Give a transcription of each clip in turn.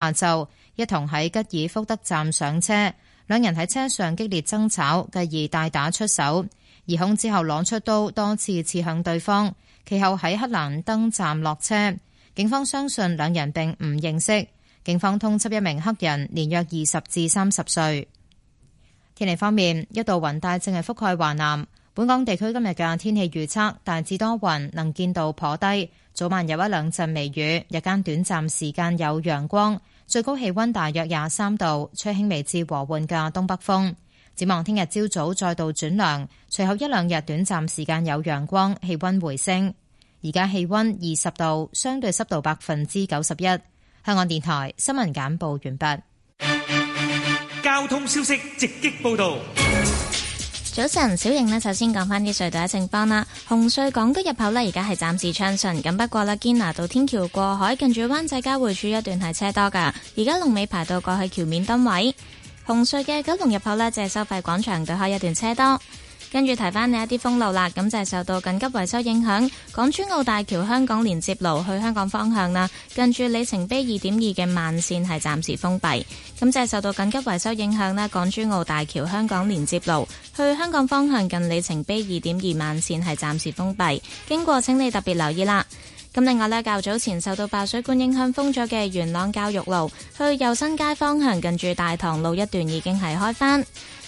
下晝一同喺吉爾福德站上車，兩人喺車上激烈爭吵，繼而大打出手。疑凶之後，攞出刀，多次刺向對方。其後喺克蘭登站落車，警方相信兩人並唔認識。警方通緝一名黑人，年約二十至三十歲。天氣方面，一度雲帶正係覆蓋華南。本港地區今日嘅天氣預測大致多雲，能見度頗低，早晚有一兩陣微雨，日間短暫時間有陽光。最高氣溫大約廿三度，吹輕微至和緩嘅東北風。展望聽日朝早再度轉涼，隨後一兩日短暫時間有陽光，氣溫回升。而家氣溫二十度，相對濕度百分之九十一。香港電台新聞簡報完畢。交通消息直擊報道。早晨，小瑩呢，首先講返啲隧道嘅情況啦。紅隧港島入口呢，而家係暫時暢順咁，不過呢，堅拿道天橋過海近住灣仔交匯處一段係車多噶。而家龍尾排到過去橋面墩位，紅隧嘅九龍入口呢，就係收費廣場對開一段車多。跟住提翻你一啲封路啦，咁就係受到緊急維修影響，港珠澳大橋香港連接路去香港方向啦，近住里程碑二點二嘅慢線係暫時封閉，咁就係受到緊急維修影響啦。港珠澳大橋香港連接路去香港方向近里程碑二點二慢線係暫時封閉，經過請你特別留意啦。咁另外呢，較早前受到爆水管影響封咗嘅元朗教育路去又新街方向，近住大棠路一段已經係開返。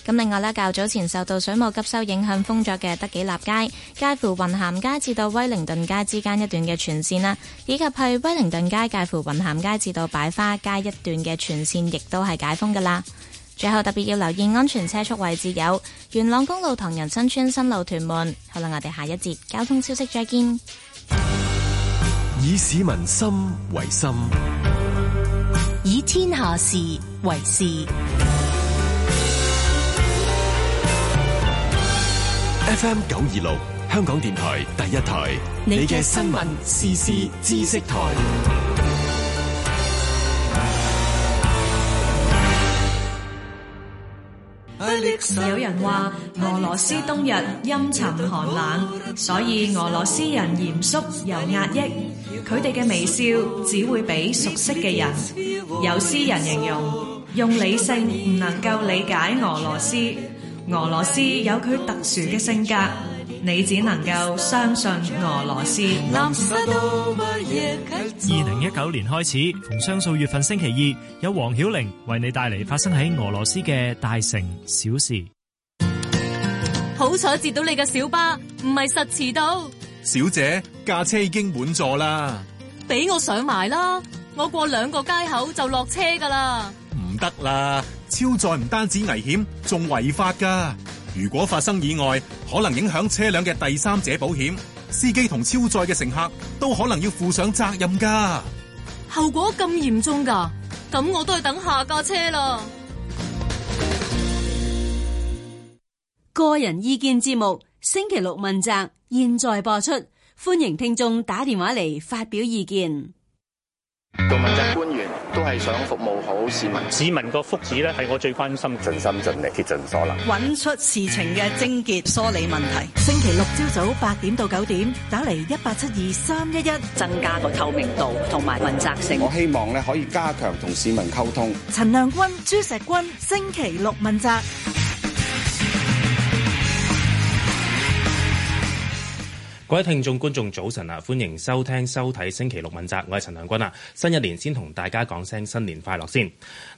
咁另外啦，較早前受到水務急收影響封咗嘅德己立街、介乎雲咸街至到威靈頓街之間一段嘅全線啦，以及係威靈頓街介乎雲咸街至到百花街一段嘅全綫，亦都係解封噶啦。最後特別要留意安全車速位置有元朗公路、唐人新村新路、屯門。好啦，我哋下一節交通消息再見。以市民心為心，以天下事為事。FM 九二六，香港電台第一台。你嘅新聞時事知識台。有人話俄羅斯冬日陰沉寒冷，所以俄羅斯人嚴肅又壓抑。佢哋嘅微笑只會俾熟悉嘅人。有詩人形容。用理性唔能夠理解俄羅斯。俄羅斯有佢特殊嘅性格，你只能夠相信俄羅斯。二零一九年開始，逢雙數月份星期二，有黃曉玲為你帶嚟發生喺俄羅斯嘅大城小事。好彩接到你嘅小巴，唔係實遲到。小姐，架車已經滿座啦，俾我上埋啦，我過兩個街口就落車噶啦。唔得啦。超載唔單止危險，仲違法噶。如果發生意外，可能影響車輛嘅第三者保險，司機同超載嘅乘客都可能要負上責任噶。後果咁嚴重噶，咁我都係等下架車咯。個人意見節目，星期六問責，現在播出，歡迎聽眾打電話嚟發表意見。係想服務好市民，市民個福祉咧係我最關心，盡心盡力，竭盡所能，揾出事情嘅症結，梳理問題。星期六朝早八點到九點，打嚟一八七二三一一，增加個透明度同埋問責性。我希望咧可以加強同市民溝通。陳亮均、朱錫君，星期六問責。各位聽眾觀眾早晨啊，歡迎收聽收睇星期六問責。我係陳亮均啊。新一年先同大家講聲新年快樂先。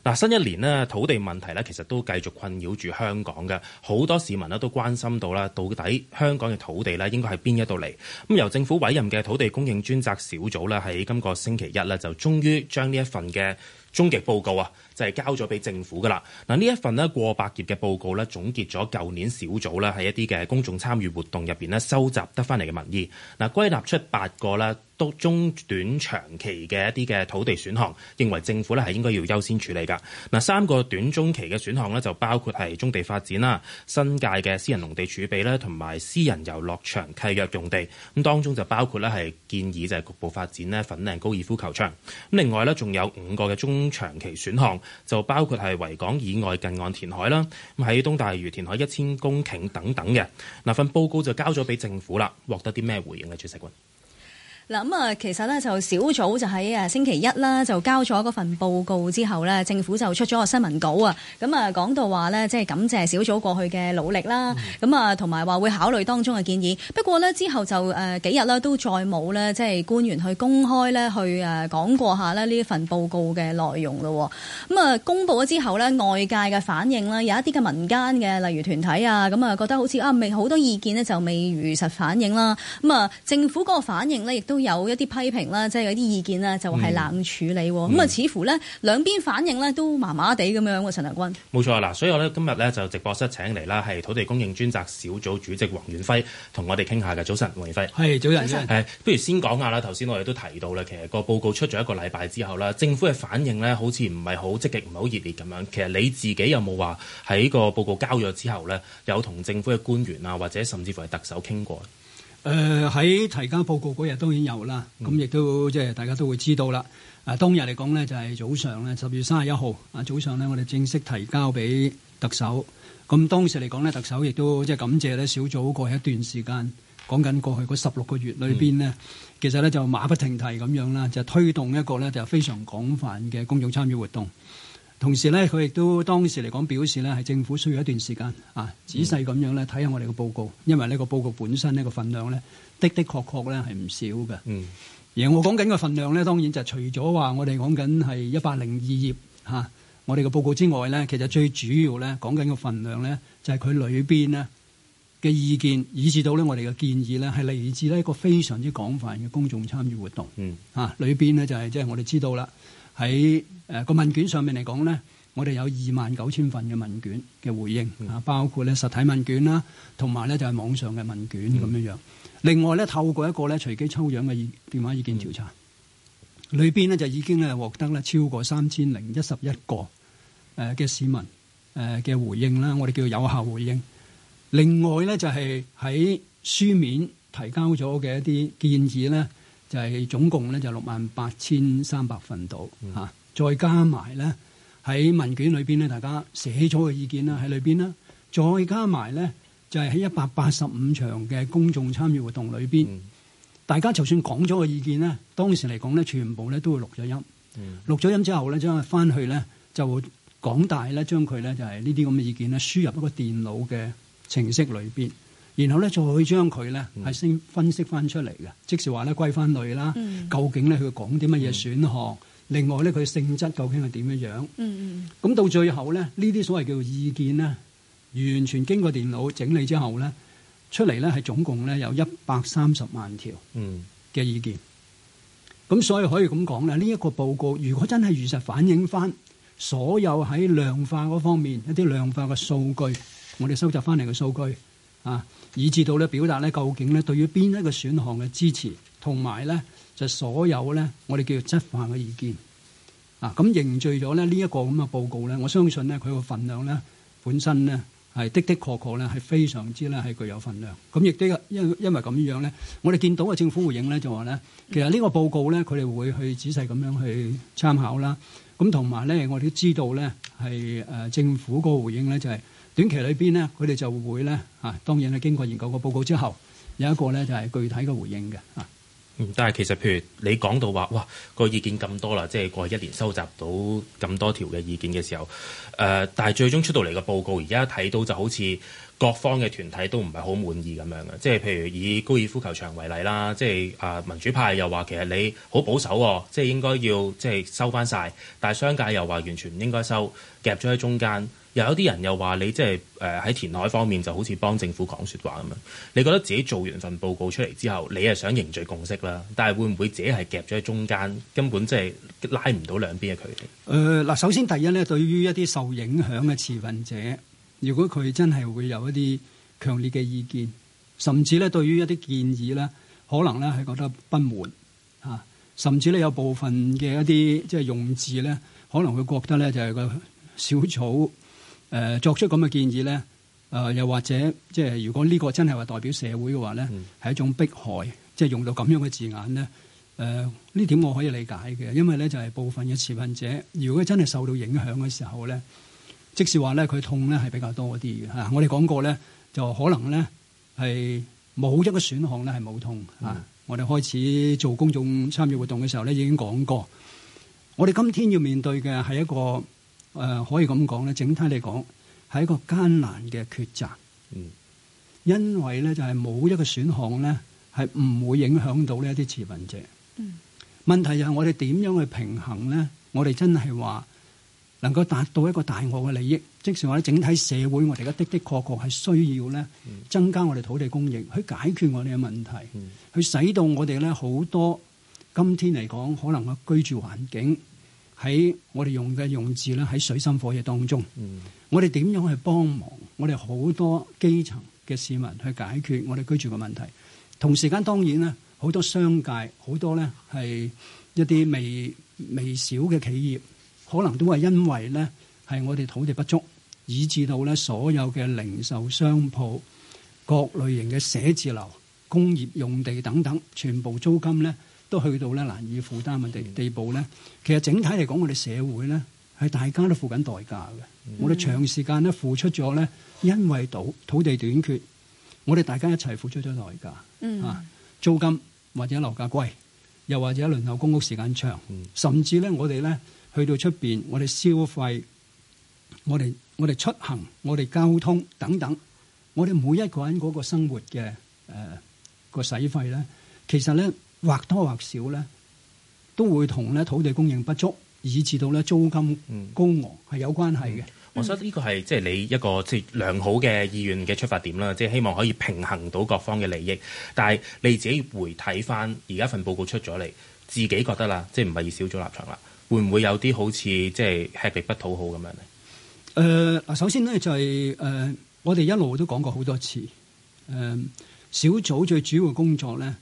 嗱，新一年土地問題其實都繼續困擾住香港嘅，好多市民都關心到啦，到底香港嘅土地應該喺邊一度嚟？咁由政府委任嘅土地供應專責小組咧，喺今個星期一咧就終於將呢一份嘅。終極報告啊，就係交咗俾政府噶啦。嗱，呢一份咧過百頁嘅報告咧，總結咗舊年小組咧喺一啲嘅公眾參與活動入邊咧收集得翻嚟嘅民意，嗱，歸納出八個啦。中短長期嘅一啲嘅土地選項，認為政府咧係應該要優先處理㗎。嗱，三個短中期嘅選項呢，就包括係棕地發展啦、新界嘅私人農地儲備啦、同埋私人遊樂場契約用地。咁當中就包括咧係建議就係局部發展呢粉嶺高爾夫球場。咁另外呢，仲有五個嘅中長期選項，就包括係維港以外近岸填海啦，咁喺東大嶼填海一千公頃等等嘅。嗱，份報告就交咗俾政府啦，獲得啲咩回應咧，朱錫君？嗱咁啊，其實呢就小組就喺誒星期一啦，就交咗嗰份報告之後呢，政府就出咗個新聞稿啊。咁啊，講到話呢即係感謝小組過去嘅努力啦。咁啊，同埋話會考慮當中嘅建議，不過呢之後就誒幾日啦都再冇呢即係官員去公開呢去誒講過下咧呢一份報告嘅內容咯。咁啊，公布咗之後呢外界嘅反應啦有一啲嘅民間嘅，例如團體啊，咁啊覺得好似啊未好多意見呢就未如實反映啦。咁啊，政府個反應呢亦都。有一啲批評啦，即係有啲意見啦，就係、是、冷處理咁啊。嗯、那似乎呢兩邊反應呢都麻麻地咁樣喎。陳亮均，冇錯啦。所以我呢今日呢就直播室請嚟啦，係土地供應專責小組主席黃遠輝同我哋傾下嘅。早晨，黃遠輝，係早晨，早，早不如先講下啦。頭先我哋都提到啦，其實個報告出咗一個禮拜之後咧，政府嘅反應呢好似唔係好積極，唔係好熱烈咁樣。其實你自己有冇話喺個報告交咗之後呢，有同政府嘅官員啊，或者甚至乎係特首傾過？誒、呃、喺提交報告嗰日當然有啦，咁亦都即係大家都會知道啦。啊，當日嚟講呢，就係早上呢，十月三十一號啊，早上呢，我哋正式提交俾特首。咁當時嚟講呢，特首亦都即係感謝呢小組過去一段時間講緊過去嗰十六個月裏邊呢，嗯、其實呢就馬不停蹄咁樣啦，就推動一個呢就非常廣泛嘅公眾參與活動。同時咧，佢亦都當時嚟講表示咧，係政府需要一段時間啊，仔細咁樣咧睇下我哋嘅報告，因為呢個報告本身呢個份量咧，的的確確咧係唔少嘅。嗯，而我講緊嘅份量咧，當然就除咗話我哋講緊係一百零二頁嚇，我哋嘅報告之外咧，其實最主要咧講緊嘅份量咧，就係佢裏邊呢嘅意見，以至到咧我哋嘅建議咧，係嚟自呢一個非常之廣泛嘅公眾參與活動。嗯，嚇裏邊呢，就係即係我哋知道啦。喺誒個問卷上面嚟講呢，我哋有二萬九千份嘅問卷嘅回應啊，包括呢實體問卷啦，同埋呢就係網上嘅問卷咁樣樣。另外呢，透過一個呢隨機抽樣嘅電話意見調查，裏邊呢就已經呢獲得呢超過三千零一十一個誒嘅市民誒嘅回應啦，我哋叫有效回應。另外呢，就係喺書面提交咗嘅一啲建議呢。就係、是、總共咧就六萬八千三百份度。嚇、嗯，再加埋咧喺文件裏邊咧，大家寫咗嘅意見啦喺裏邊啦，再加埋咧就係喺一百八十五場嘅公眾參與活動裏邊、嗯，大家就算講咗嘅意見咧，當時嚟講咧，全部咧都會錄咗音，嗯、錄咗音之後咧將佢翻去咧就會講大咧將佢咧就係呢啲咁嘅意見咧輸入一個電腦嘅程式裏邊。然後咧，再將佢咧係先分析翻出嚟嘅、嗯，即是話咧歸翻類啦、嗯。究竟咧佢講啲乜嘢選項、嗯？另外咧佢性質究竟係點樣樣？咁、嗯、到最後咧，呢啲所謂叫意見咧，完全經過電腦整理之後咧，出嚟咧係總共咧有一百三十萬條嘅意見。咁、嗯、所以可以咁講咧，呢、這、一個報告如果真係如實反映翻所有喺量化嗰方面一啲量化嘅數據，我哋收集翻嚟嘅數據。啊，以至到咧表達咧，究竟咧對於邊一個選項嘅支持，同埋咧就所有咧，我哋叫做執法嘅意見啊，咁凝聚咗咧呢一個咁嘅報告咧，我相信咧佢個份量咧本身咧係的的確確咧係非常之咧係具有份量。咁亦都因因為咁樣咧，我哋見到嘅政府回應咧就話呢，其實呢個報告咧佢哋會去仔細咁樣去參考啦。咁同埋呢，我哋都知道呢係誒政府個回應呢就係、是。短期裏邊呢，佢哋就會咧嚇，當然咧經過研究個報告之後，有一個咧就係具體嘅回應嘅嚇。嗯，但係其實譬如你講到話，哇、那個意見咁多啦，即係過去一年收集到咁多條嘅意見嘅時候，誒、呃，但係最終出到嚟嘅報告，而家睇到就好似。各方嘅團體都唔係好滿意咁樣嘅，即係譬如以高爾夫球場為例啦，即係啊民主派又話其實你好保守喎，即係應該要即係收翻晒。但係商界又話完全唔應該收，夾咗喺中間，又有啲人又話你即係誒喺填海方面就好似幫政府講説話咁樣。你覺得自己做完份報告出嚟之後，你係想凝聚共識啦，但係會唔會自己係夾咗喺中間，根本即係拉唔到兩邊嘅距離？誒、呃、嗱，首先第一咧，對於一啲受影響嘅持份者。如果佢真係會有一啲強烈嘅意見，甚至咧對於一啲建議咧，可能咧係覺得不滿啊，甚至咧有部分嘅一啲即係用字咧，可能佢覺得咧就係個小組誒作出咁嘅建議咧，誒又或者即係如果呢個真係話代表社會嘅話咧，係一種迫害，即係用到咁樣嘅字眼咧，誒呢點我可以理解嘅，因為咧就係部分嘅持份者，如果真係受到影響嘅時候咧。即係話咧，佢痛咧係比較多啲嘅。我哋講過咧，就可能咧係冇一個選項咧係冇痛啊，嗯。我哋開始做公眾參與活動嘅時候咧，已經講過。我哋今天要面對嘅係一個、呃、可以咁講咧，整體嚟講係一個艱難嘅抉擇。嗯，因為咧就係冇一個選項咧係唔會影響到呢一啲持份者。嗯，問題就係我哋點樣去平衡咧？我哋真係話，能夠達到一個大我嘅利益，即是話咧，整體社會我哋而家的的確確係需要咧，增加我哋土地供應，去解決我哋嘅問題，去使到我哋咧好多今天嚟講可能嘅居住環境喺我哋用嘅用字咧，喺水深火熱當中，我哋點樣去幫忙我哋好多基層嘅市民去解決我哋居住嘅問題，同時間當然咧好多商界好多咧係一啲微微小嘅企業。可能都係因為咧，係我哋土地不足，以致到咧所有嘅零售商鋪、各類型嘅寫字樓、工業用地等等，全部租金咧都去到咧難以負擔嘅地地步咧、嗯。其實整體嚟講，我哋社會咧係大家都付緊代價嘅、嗯。我哋長時間咧付出咗咧，因為土土地短缺，我哋大家一齊付出咗代價啊、嗯。租金或者樓價貴，又或者輪候公屋時間長，甚至咧我哋咧。去到出邊，我哋消費，我哋我哋出行，我哋交通等等，我哋每一個人嗰個生活嘅誒、呃、個洗費咧，其實咧或多或少咧都會同咧土地供應不足，以致到咧租金高昂係有關係嘅、嗯。我覺得呢個係即係你一個即係良好嘅意願嘅出發點啦，即、就、係、是、希望可以平衡到各方嘅利益。但係你自己回睇翻而家份報告出咗嚟，自己覺得啦，即係唔係小組立場啦？會唔會有啲好似即係吃力不討好咁樣咧？誒，嗱，首先咧就係、是、誒、呃，我哋一路都講過好多次，誒、呃，小組最主要嘅工作咧，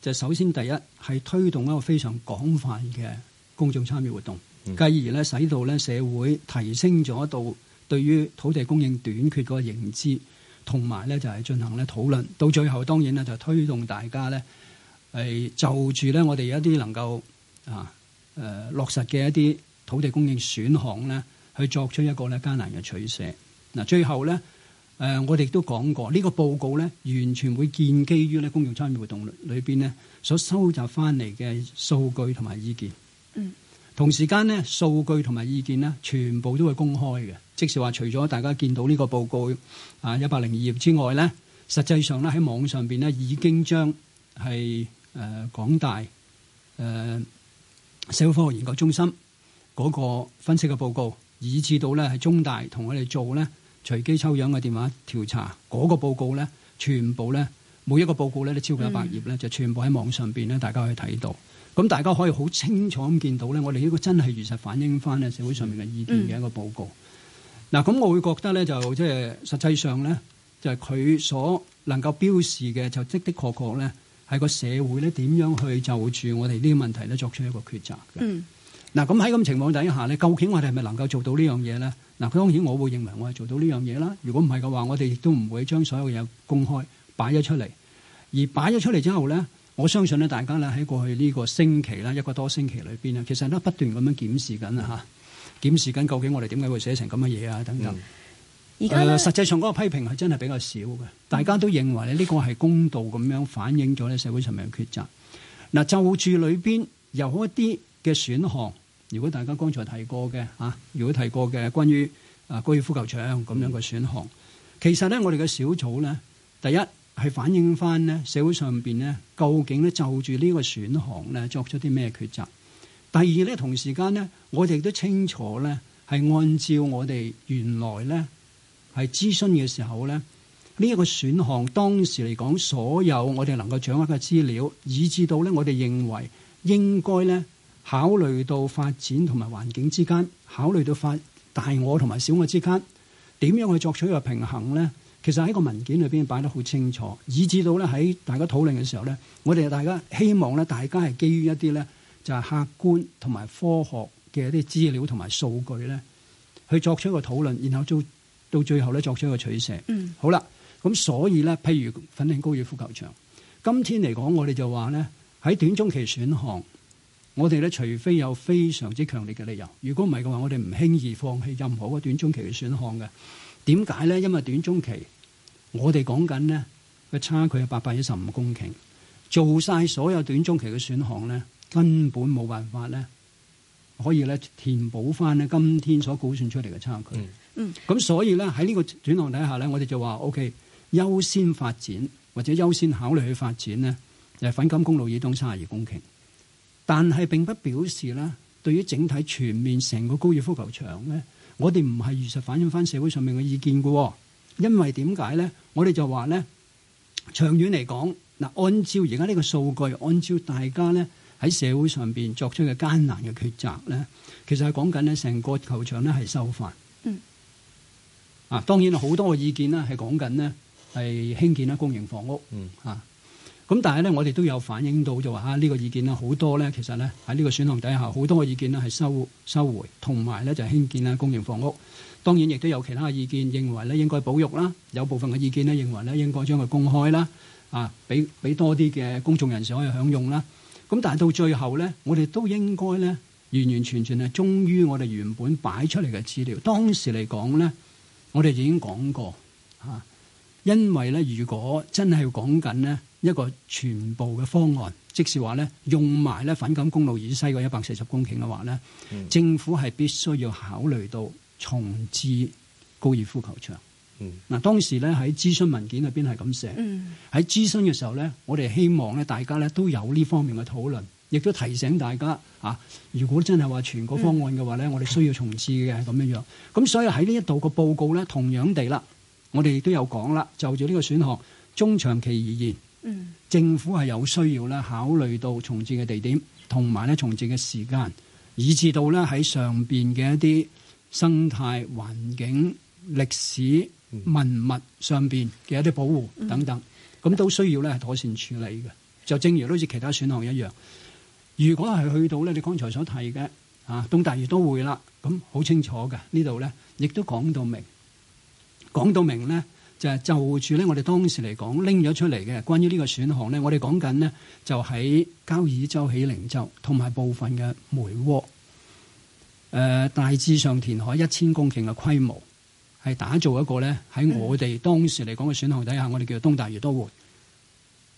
就首先第一係推動一個非常廣泛嘅公眾參與活動，繼、嗯、而咧使到咧社會提升咗度對於土地供應短缺嗰個認知，同埋咧就係進行咧討論，到最後當然咧就是推動大家咧，係就住咧我哋一啲能夠啊。誒落實嘅一啲土地供應選項咧，去作出一個咧艱難嘅取捨嗱。最後咧，誒我哋都講過呢、呢個報告咧，完全會建基於呢公眾參與活動裏邊呢所收集翻嚟嘅數據同埋意見。嗯，同時間呢，數據同埋意見呢，全部都會公開嘅。即係話除咗大家見到呢個報告啊一百零二頁之外咧，實際上咧喺網上邊呢已經將係誒廣大誒。呃社會科學研究中心嗰個分析嘅報告，以至到咧喺中大同我哋做咧隨機抽樣嘅電話調查嗰、那個報告咧，全部咧每一個報告咧都超過一百頁咧，就全部喺網上面咧，大家可以睇到。咁、嗯、大家可以好清楚咁見到咧，我哋呢個真係如實反映翻咧社會上面嘅意見嘅一個報告。嗱、嗯，咁我會覺得咧，就即係實際上咧，就係、是、佢所能夠標示嘅，就的的確確咧。喺個社會咧，點樣去就住我哋呢個問題咧，作出一個抉擇嘅。嗱、嗯，咁喺咁情況底下咧，究竟我哋係咪能夠做到呢樣嘢咧？嗱，當然我會認為我係做到呢樣嘢啦。如果唔係嘅話，我哋亦都唔會將所有嘢公開擺咗出嚟。而擺咗出嚟之後咧，我相信咧，大家咧喺過去呢個星期啦，一個多星期裏邊，其實都不斷咁樣檢視緊啊嚇，嗯、檢視緊究竟我哋點解會寫成咁嘅嘢啊等等。嗯誒、呃，實際上嗰個批評係真係比較少嘅，大家都認為呢個係公道咁樣反映咗咧社會上面嘅抉擇。嗱、呃，就住裏邊有一啲嘅選項，如果大家剛才提過嘅吓，啊，如果提過嘅關於啊高爾夫球場咁樣嘅選項，嗯，其實咧我哋嘅小組咧，第一係反映翻呢社會上邊咧究竟咧就住呢個選項咧作出啲咩抉擇。第二咧同時間呢，我哋亦都清楚咧係按照我哋原來咧。係諮詢嘅時候咧，呢、呢、一個選項當時嚟講，所有我哋能夠掌握嘅資料，以至到咧，我哋認為應該咧考慮到發展同埋環境之間，考慮到大我同埋小我之間點樣去作出一個平衡咧。其實喺個文件裏面擺得好清楚，以至到咧喺大家討論嘅時候咧，我哋大家希望咧，大家係基於一啲咧就係客觀同埋科學嘅一啲資料同埋數據咧去作出一個討論，然後做，到最後咧作出一個取捨。嗯，好啦，咁所以咧，譬如粉嶺高爾夫球場，今天嚟講，我哋就話咧喺短中期選項，我哋咧除非有非常之強烈嘅理由，如果唔係嘅話，我哋唔輕易放棄任何一個短中期嘅選項嘅。點解咧？因為短中期，我哋講緊呢個差距係八百一十五公頃，做晒所有短中期嘅選項咧，根本冇辦法咧可以咧填補翻呢今天所估算出嚟嘅差距。嗯咁、嗯、所以咧，喺呢個轉向底下咧，我哋就話 OK，優先發展或者優先考慮去發展呢，就係、粉錦公路以東三十二公頃。但係並不表示呢，對於整體全面成個高爾夫球場咧，我哋唔係如實反映翻社會上面嘅意見嘅、哦。因為點解咧？我哋就話咧，長遠嚟講嗱，按照而家呢個數據，按照大家咧喺社會上邊作出嘅艱難嘅抉擇咧，其實係講緊呢成個球場咧係收翻。啊，當然好多嘅意見咧，係講緊咧係興建咧公營房屋嚇。咁、嗯啊、但係呢，我哋都有反映到就話呢個意見咧好多呢。其實呢，喺呢個選項底下，好多嘅意見咧係收收回同埋呢就興、是、建咧公營房屋。當然亦都有其他嘅意見認為咧應該保育啦。有部分嘅意見咧認為咧應該將佢公開啦，啊，俾俾多啲嘅公眾人士可以享用啦。咁、啊、但係到最後呢，我哋都應該呢，完完全全係忠於我哋原本擺出嚟嘅資料。當時嚟講呢。我哋已經講過嚇，因為咧，如果真係要講緊咧一個全部嘅方案，即是話咧用埋咧粉錦公路以西嘅一百四十公頃嘅話咧、嗯，政府係必須要考慮到重置高爾夫球場。嗱、嗯，當時咧喺諮詢文件入邊係咁寫，喺諮詢嘅時候咧，我哋希望咧大家咧都有呢方面嘅討論。亦都提醒大家嚇、啊，如果真係話全個方案嘅話咧、嗯，我哋需要重置嘅咁樣樣。咁所以喺呢一度個報告咧，同樣地啦，我哋亦都有講啦。就住呢個選項中長期而言，嗯、政府係有需要咧，考慮到重置嘅地點，同埋咧重置嘅時間，以至到咧喺上邊嘅一啲生態環境、歷史文物上邊嘅一啲保護等等，咁、嗯、都需要咧係妥善處理嘅。就正如好似其他選項一樣。如果係去到咧，你剛才所提嘅啊，東大嶼都會啦，咁好清楚嘅呢度咧，亦都講到明，講到明咧就係、是、就住咧我哋當時嚟講拎咗出嚟嘅關於呢個選項咧，我哋講緊呢就喺交椅洲、喜靈洲同埋部分嘅梅窩，誒、呃、大致上填海一千公頃嘅規模，係打造一個咧喺我哋當時嚟講嘅選項底下，我哋叫做東大嶼都會。誒、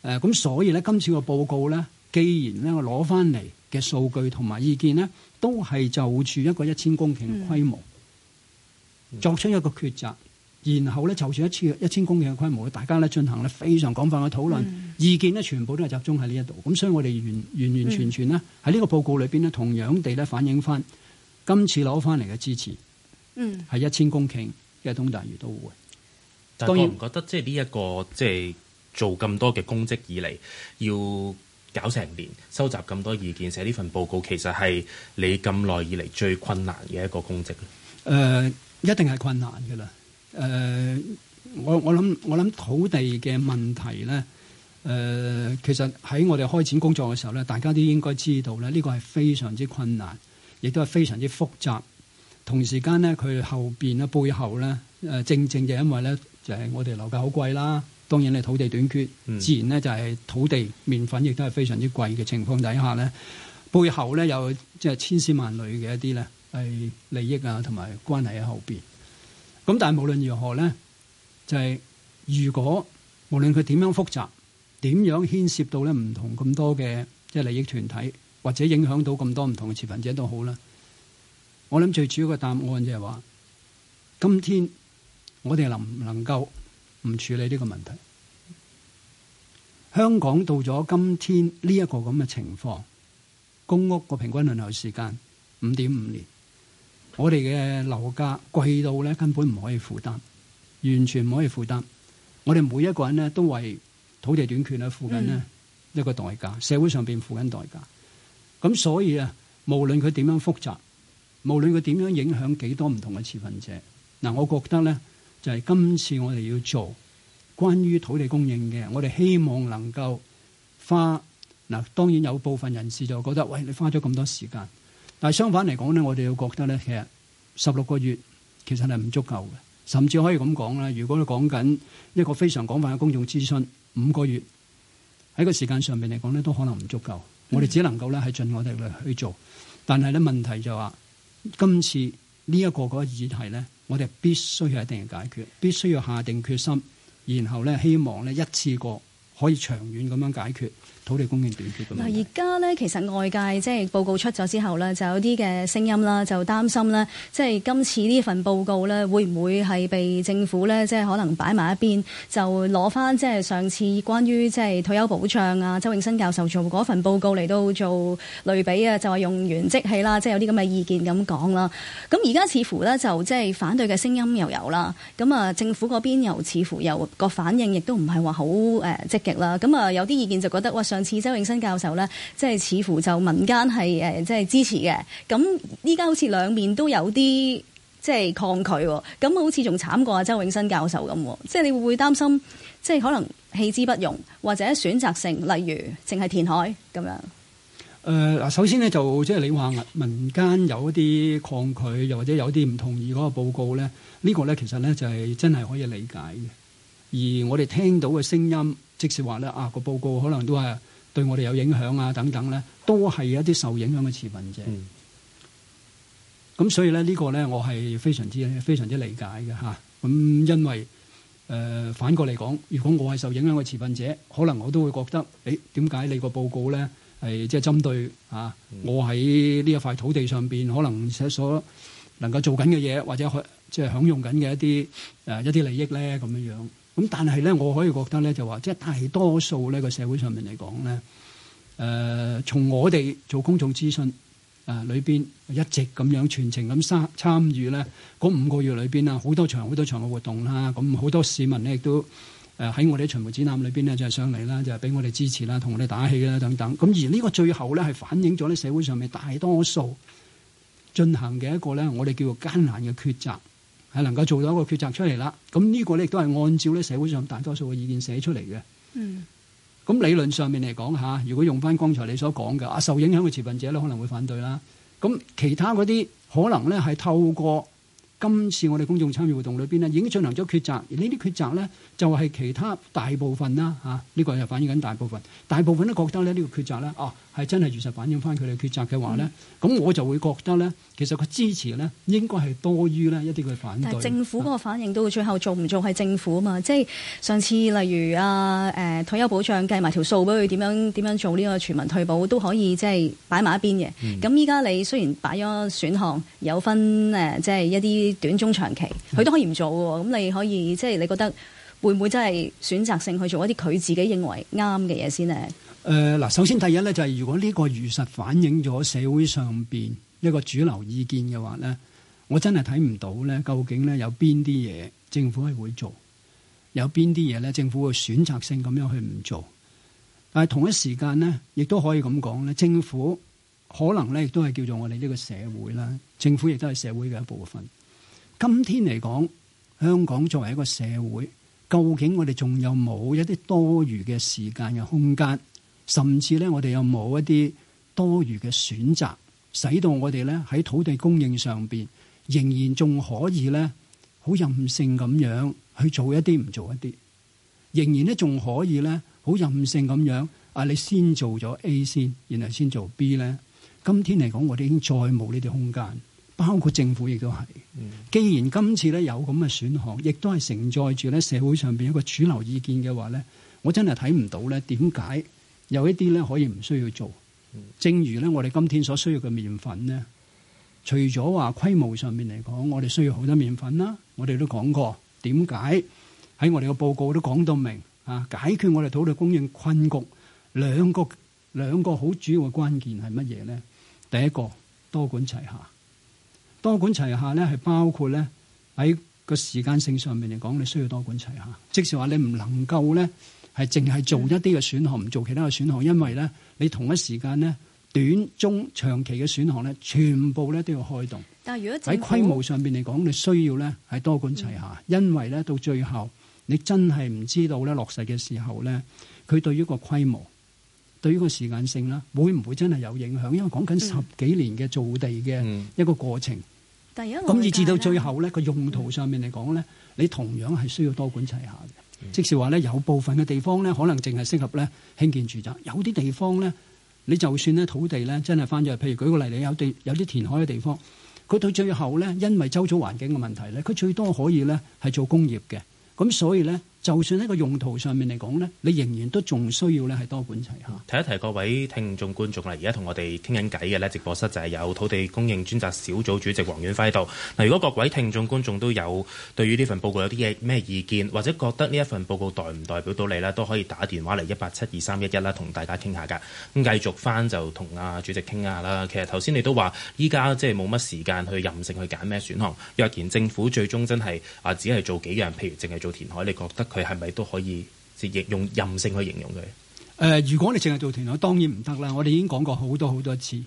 呃、咁所以咧今次個報告咧。既然咧，我攞翻嚟嘅數據同埋意見咧，都係就住一個一千公頃嘅規模、嗯、作出一個抉擇，然後咧就住一次一千公頃嘅規模，大家咧進行咧非常廣泛嘅討論，嗯、意見咧全部都係集中喺呢一度。咁所以我哋完完完全全咧喺呢個報告裏面咧，同樣地咧反映翻今次攞翻嚟嘅支持，嗯，係一千公頃嘅東大嶼都會。當然，覺唔覺得即係呢一個即係、就是、做咁多嘅公職以嚟要。搞成年收集咁多意見寫呢份報告，其實係你咁耐以嚟最困難嘅一個公職咧。誒，一定係困難嘅啦。誒、呃，我我諗我諗土地嘅問題咧，誒、呃，其實喺我哋開展工作嘅時候咧，大家都應該知道咧，呢個係非常之困難，亦都係非常之複雜。同時間咧，佢後邊咧、背後咧，誒，正正就因為咧，就係、是、我哋樓價好貴啦。當然咧，土地短缺，自然咧就係土地、麵粉亦都係非常之貴嘅情況底下咧，背後咧有即係千絲萬縷嘅一啲咧係利益啊，同埋關係喺後邊。咁但係無論如何咧，就係如果無論佢點樣複雜，點樣牽涉到咧唔同咁多嘅即係利益團體，或者影響到咁多唔同嘅持份者都好啦。我諗最主要嘅答案就係話，今天我哋能唔能夠唔處理呢個問題，香港到咗今天呢一個咁嘅情況，公屋個平均輪候時間五點五年，我哋嘅樓價貴到咧根本唔可以負擔，完全唔可以負擔。我哋每一個人呢，都為土地短缺呢，付緊呢一個代價，社會上邊付緊代價。咁所以啊，無論佢點樣複雜，無論佢點樣影響幾多唔同嘅持份者，嗱，我覺得咧。就係、是、今次我哋要做關於土地供應嘅，我哋希望能夠花嗱，當然有部分人士就覺得，喂，你花咗咁多時間，但相反嚟講呢，我哋要覺得呢，其實十六個月其實係唔足夠嘅，甚至可以咁講啦。如果你講緊一個非常廣泛嘅公眾諮詢，五個月喺個時間上面嚟講呢，都可能唔足夠。我哋只能夠咧，係盡我哋去做，但係咧，問題就話、是、今次。呢一個個議題呢，我哋必須要一定解決，必須要下定決心，然後呢，希望呢一次過可以長遠咁樣解決。土地供應短缺咁。而家呢，其實外界即係報告出咗之後呢，就有啲嘅聲音啦，就擔心呢，即係今次呢份報告呢，會唔會係被政府呢？即係可能擺埋一邊，就攞翻即係上次關於即係退休保障啊，周永新教授做嗰份報告嚟到做類比啊，就話用完即棄啦，即係有啲咁嘅意見咁講啦。咁而家似乎呢，就即係反對嘅聲音又有啦。咁啊，政府嗰邊又似乎又個反應亦都唔係話好誒積極啦。咁啊，有啲意見就覺得哇！上次周永新教授咧，即係似乎就民間係誒，即係支持嘅。咁依家好似兩面都有啲即係抗拒，咁好似仲慘過阿周永新教授咁。即係你會唔會擔心，即係可能棄之不用，或者選擇性，例如淨係填海咁樣？誒、呃、嗱，首先呢，就即係你話民間有一啲抗拒，又或者有啲唔同意嗰個報告咧，呢、這個咧其實咧就係真係可以理解嘅。而我哋聽到嘅聲音。即使話咧啊，個報告可能都係對我哋有影響啊，等等咧，都係一啲受影響嘅持份者。咁、嗯、所以咧，呢、這個咧，我係非常之非常之理解嘅嚇。咁、啊、因為誒、呃、反過嚟講，如果我係受影響嘅持份者，可能我都會覺得誒點解你個報告咧係即係針對啊、嗯、我喺呢一塊土地上邊可能所能夠做緊嘅嘢，或者去即係享用緊嘅一啲誒、啊、一啲利益咧咁樣樣。咁但係咧，我可以覺得咧，就話即係大多數呢個社會上面嚟講咧，誒、呃，從我哋做公眾諮詢誒裏邊一直咁樣全程咁參參與咧，嗰五個月裏邊啊，好多場好多場嘅活動啦，咁好多市民咧亦都誒喺我哋啲巡迴展覽裏邊咧，就係上嚟啦，就係俾我哋支持啦，同我哋打氣啦等等。咁而呢個最後咧，係反映咗咧社會上面大多數進行嘅一個咧，我哋叫做艱難嘅抉擇。係能夠做到一個抉擇出嚟啦，咁呢個咧亦都係按照咧社會上大多數嘅意見寫出嚟嘅。嗯，咁理論上面嚟講嚇，如果用翻剛才你所講嘅，啊受影響嘅持份者咧可能會反對啦。咁其他嗰啲可能咧係透過今次我哋公眾參與活動裏邊咧已經進行咗抉擇，而呢啲抉擇咧就係其他大部分啦吓，呢個就反映緊大部分，大部分都覺得咧呢個抉擇咧哦。啊係真係如實反映翻佢哋決策嘅話咧，咁、嗯、我就會覺得咧，其實佢支持咧應該係多於呢一啲嘅反對。但係政府嗰個反應到、啊、最後做唔做係政府啊嘛，即、就、係、是、上次例如啊誒退休保障計埋條數俾佢點樣點樣做呢個全民退保都可以即係擺埋一邊嘅。咁依家你雖然擺咗選項有分即係、呃就是、一啲短中長期，佢都可以唔做喎。咁、嗯、你可以即係、就是、你覺得會唔會真係選擇性去做一啲佢自己認為啱嘅嘢先呢？誒嗱，首先第一咧，就係如果呢個如實反映咗社會上邊一個主流意見嘅話咧，我真係睇唔到咧，究竟咧有邊啲嘢政府係會做，有邊啲嘢咧政府會選擇性咁樣去唔做。但係同一時間咧，亦都可以咁講咧，政府可能咧亦都係叫做我哋呢個社會啦。政府亦都係社會嘅一部分。今天嚟講，香港作為一個社會，究竟我哋仲有冇一啲多餘嘅時間嘅空間？甚至咧，我哋又冇一啲多餘嘅選擇，使到我哋咧喺土地供應上邊仍然仲可以咧，好任性咁樣去做一啲唔做一啲，仍然咧仲可以咧，好任性咁樣啊！你先做咗 A 先，然後先做 B 咧。今天嚟講，我哋已經再冇呢啲空間，包括政府亦都係。既然今次咧有咁嘅選項，亦都係承載住咧社會上邊一個主流意見嘅話咧，我真係睇唔到咧點解。有一啲咧可以唔需要做，正如咧我哋今天所需要嘅麵粉咧，除咗話規模上面嚟講，我哋需要好多麵粉啦。我哋都講過，點解喺我哋嘅報告都講到明啊？解決我哋土地供應困局，兩個兩個好主要嘅關鍵係乜嘢咧？第一個多管齊下，多管齊下咧係包括咧喺個時間性上面嚟講，你需要多管齊下，即使話你唔能夠咧。係淨係做一啲嘅選項，唔做其他嘅選項，因為咧，你同一時間咧，短、中、長期嘅選項咧，全部咧都要開動。但係如果喺規模上面嚟講，你需要咧係多管齊下，嗯、因為咧到最後，你真係唔知道咧落實嘅時候咧，佢對於一個規模，對於個時間性啦，會唔會真係有影響？因為講緊十幾年嘅造地嘅一個過程。咁、嗯、以至到最後咧，個用途上面嚟講咧，你同樣係需要多管齊下嘅。即是話咧，有部分嘅地方咧，可能淨係適合咧興建住宅；有啲地方咧，你就算咧土地咧真係翻咗，譬如舉個例，你有地有啲填海嘅地方，佢到最後咧，因為周遭環境嘅問題咧，佢最多可以咧係做工業嘅，咁所以咧。就算呢個用途上面嚟講呢，你仍然都仲需要呢係多管齊下。提一提各位聽眾觀眾啦，而家同我哋傾緊偈嘅呢直播室就係有土地供應專責小組,小組主席黃遠輝喺度。嗱，如果各位聽眾觀眾都有對於呢份報告有啲嘢咩意見，或者覺得呢一份報告代唔代表到你呢，都可以打電話嚟一八七二三一一啦，同大家傾下㗎。咁繼續翻就同阿主席傾下啦。其實頭先你都話，依家即係冇乜時間去任性去揀咩選項。若然政府最終真係啊，只係做幾樣，譬如淨係做填海，你覺得？佢係咪都可以直接用任性去形容佢？誒、呃，如果你淨係做團隊，當然唔得啦。我哋已經講過好多好多次，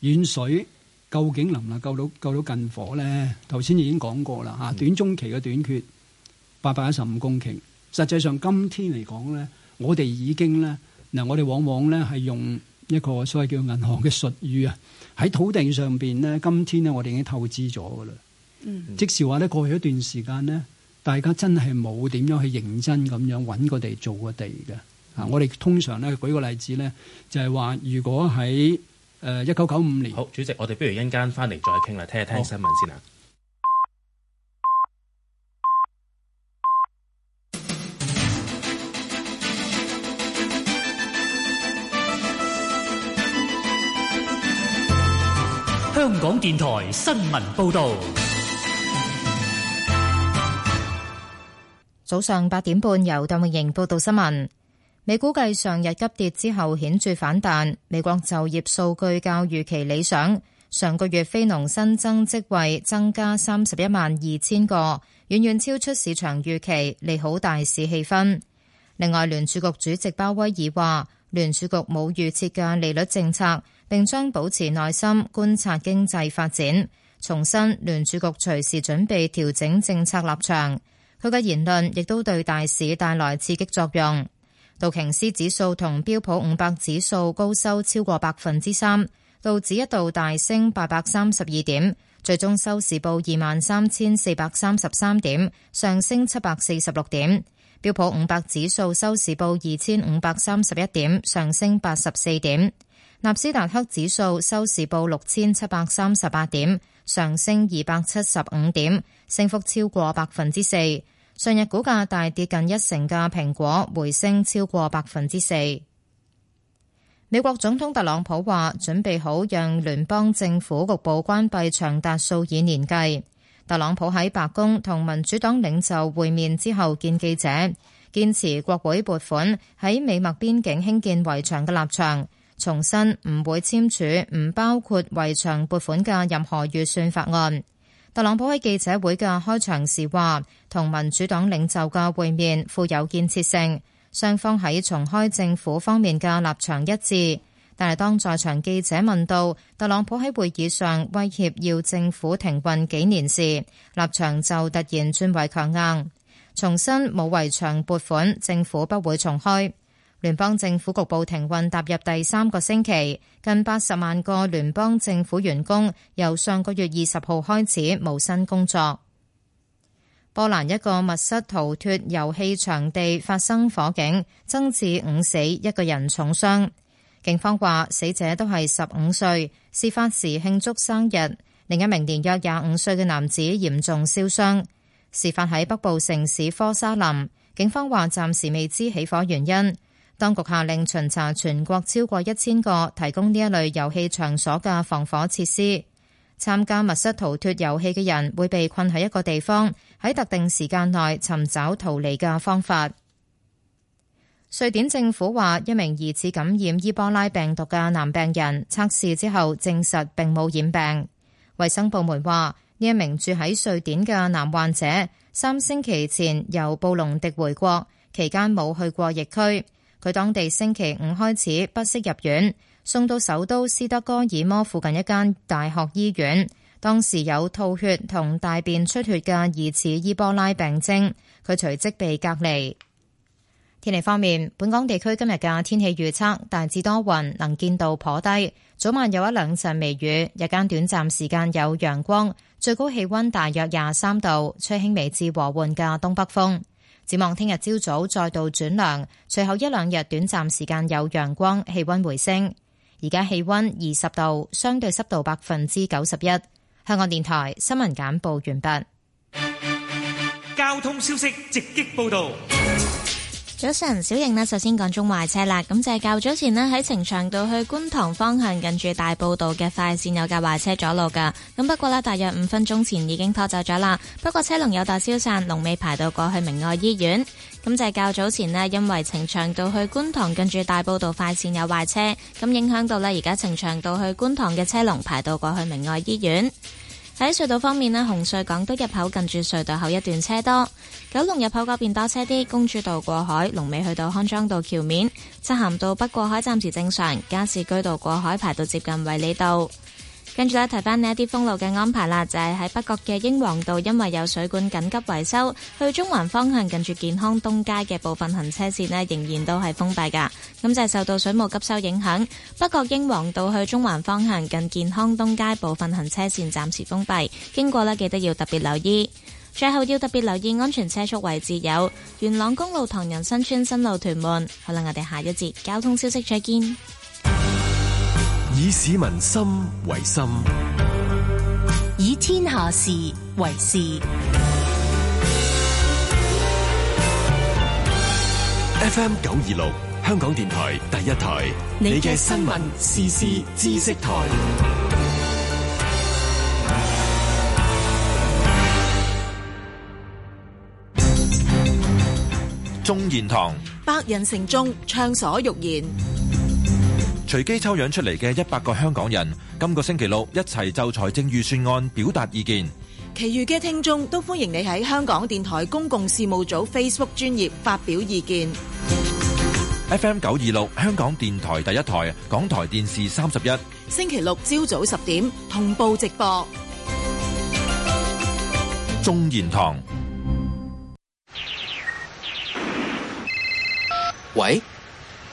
遠水究竟能唔能夠救到近火咧？頭先已經講過啦嚇，短中期嘅短缺八百一十五公頃，嗯，實際上今天嚟講咧，我哋已經咧嗱，我哋往往咧係用一個所謂叫銀行嘅術語啊，喺土地上邊咧，今天咧我哋已經透支咗噶啦。即是話咧，過去一段時間咧。大家真係冇點樣去認真咁樣揾個地做個地嘅、嗯、啊！我哋通常咧，舉個例子咧，就係話，如果喺誒一九九五年，好，主席，我哋不如一間返嚟再傾啦，聽一聽新聞先啊、哦！香港電台新聞報導。早上八點半，由鄧穎瑩報道新聞。美股繼上日急跌之後顯著反彈，美國就業數據較預期理想。上個月非農新增職位增加三十一萬二千個，遠遠超出市場預期，利好大市氣氛。另外，聯儲局主席鮑威爾話，聯儲局冇預設嘅利率政策，並將保持耐心觀察經濟發展，重申聯儲局隨時準備調整政策立場。佢嘅言論亦都對大市帶來刺激作用，道瓊斯指數同標普五百指數高收超過百分之三，道指一度大升八百三十二點，最終收市報二萬三千四百三十三點，上升七百四十六點；標普五百指數收市報二千五百三十一點，上升八十四點；納斯達克指數收市報六千七百三十八點。上升二百七十五點，升幅超過百分之四。上日股價大跌近一成嘅蘋果回升超過百分之四。美國總統特朗普話準備好讓聯邦政府局部關閉長達數以年計。特朗普喺白宮同民主黨領袖會面之後見記者，堅持國會撥款喺美墨邊境興建圍牆嘅立場。重申唔會簽署唔包括圍牆撥款嘅任何預算法案。特朗普喺記者會嘅開場時話，同民主黨領袖嘅會面富有建設性，雙方喺重開政府方面嘅立場一致。但係當在場記者問到特朗普喺會議上威脅要政府停運幾年時，立場就突然轉為強硬，重申冇圍牆撥款，政府不會重開。聯邦政府局部停運踏入第三個星期，近八十萬個聯邦政府員工由上個月二十號開始無薪工作。波蘭一個密室逃脫遊戲場地發生火警，增至五死，一個人重傷。警方話死者都係十五歲，事發時慶祝生日。另一名年約廿五歲嘅男子嚴重燒傷。事發喺北部城市科沙林。警方話暫時未知起火原因。當局下令巡查全國超過一千個提供呢一類遊戲場所嘅防火設施。參加密室逃脱遊戲嘅人會被困喺一個地方，喺特定時間內尋找逃離嘅方法。瑞典政府話，一名疑似感染伊波拉病毒嘅男病人測試之後證實並冇染病。衛生部門話，呢一名住喺瑞典嘅男患者三星期前由布隆迪回國，期間冇去過疫區。佢當地星期五開始不適入院，送到首都斯德哥爾摩附近一間大學醫院。當時有吐血同大便出血嘅疑似伊波拉病徵，佢隨即被隔離。天氣方面，本港地區今日嘅天氣預測大致多雲，能見度頗低，早晚有一兩陣微雨，日間短暫時間有陽光，最高氣溫大約廿三度，吹輕微至和緩嘅東北風。展望聽日朝早再度轉涼，隨後一兩日短暫時間有陽光，氣温回升。而家氣温二十度，相對濕度百分之九十一。香港電台新聞簡報完畢。交通消息直擊報道。早晨，小瑩呢，首先講中壞車啦。咁就係較早前呢，喺呈祥道去觀塘方向，近住大埔道嘅快線有架壞車阻路噶。咁不過呢，大約五分鐘前已經拖走咗啦。不過車龍有待消散，龍未排到過去明愛醫院。咁就係較早前呢，因為呈祥道去觀塘近住大埔道快線有壞車，咁影響到呢，而家呈祥道去觀塘嘅車龍排到過去明愛醫院。喺隧道方面呢，紅隧港島入口近住隧道口一段車多，九龍入口嗰邊多車啲。公主道過海，龍尾去到康莊道橋面，漆咸道北過海暫時正常，加士居道過海排到接近衛理道。跟住咧，提翻呢一啲封路嘅安排啦，就係喺北角嘅英皇道，因為有水管緊急維修，去中環方向近住健康東街嘅部分行車線呢，仍然都係封閉噶。咁就係受到水務急修影響，北角英皇道去中環方向近健康東街部分行車線暫時封閉，經過呢，記得要特別留意。最後要特別留意安全車速位置有元朗公路唐人新村新路屯門。好啦，我哋下一節交通消息再見。以市民心為心，以天下事為事。FM 九二六， FM926，香港電台第一台，你嘅新聞、時事、知識台。 中言堂，百人成眾，暢所欲言。隨機抽樣出嚟嘅一百個香港人，今個星期六一齊就財政預算案表達意見。其餘嘅聽眾都歡迎你喺香港電台公共事務組 Facebook 專頁發表意見。FM 九二六，香港電台第一台，港台電視三十一。星期六朝早十點同步直播。中賢堂，喂，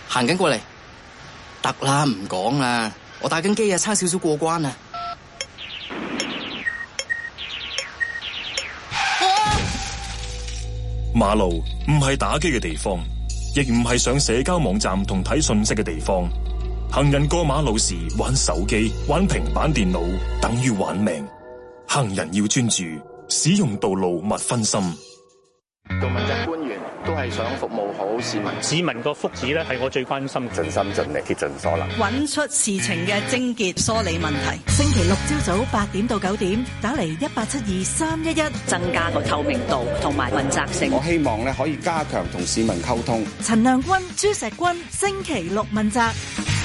行緊過嚟。得啦，唔講啦，我打緊機啊，差少少過關啊！馬路唔係打機嘅地方，亦唔係上社交網站同睇信息嘅地方。行人過馬路時玩手機、玩平板電腦，等於玩命。行人要專注，使用道路勿分心。係想服務好市民，市民個福祉咧係我最關心，盡心盡力，竭盡所能，揾出事情嘅症結，梳理問題。星期六朝早八點到九點，打嚟一八七二三一一，增加個透明度同埋問責性。我希望咧可以加強同市民溝通。陳亮均、朱錫君，星期六問責。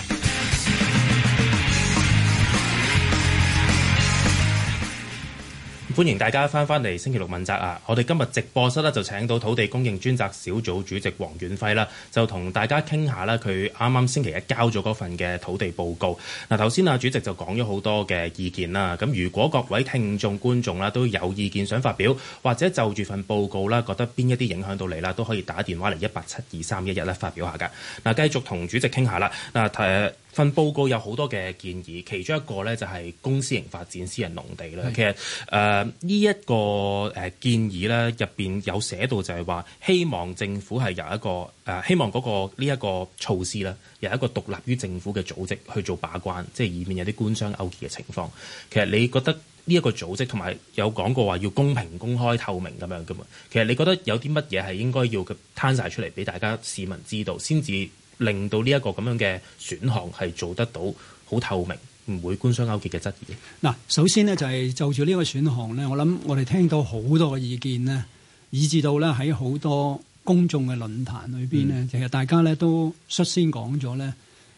歡迎大家翻返嚟星期六問責啊！我哋今日直播室呢，就請到土地供應專責小組主席黃遠輝啦，就同大家傾下啦，佢啱啱星期一交咗嗰份嘅土地報告。嗱頭先啊，主席就講咗好多嘅意見啦。咁如果各位聽眾觀眾啦都有意見想發表，或者就住份報告啦，覺得邊一啲影響到你啦，都可以打電話嚟一八七二三一一咧發表下㗎。嗱，繼續同主席傾下啦。嗱、呃，份報告有好多嘅建議，其中一個呢就係公私營發展私人農地啦。其實誒呢一個誒建議呢入邊有寫到就係話，希望政府係由一個誒、呃、希望嗰、嗰個呢一、呢個措施呢，由一個獨立於政府嘅組織去做把關，即係以免有啲官商勾結嘅情況。其實你覺得呢一個組織同埋有講過話要公平、公開、透明咁樣噶嘛？其實你覺得有啲乜嘢係應該要攤晒出嚟俾大家市民知道先至，才令到呢一個咁樣嘅選項係做得到好透明，唔會官商勾結嘅質疑。嗱，首先呢，就係就住呢個選項呢，我諗我哋聽到好多嘅意見呢，以至到呢喺好多公眾嘅論壇裏邊呢，嗯、其實大家呢都率先講咗呢，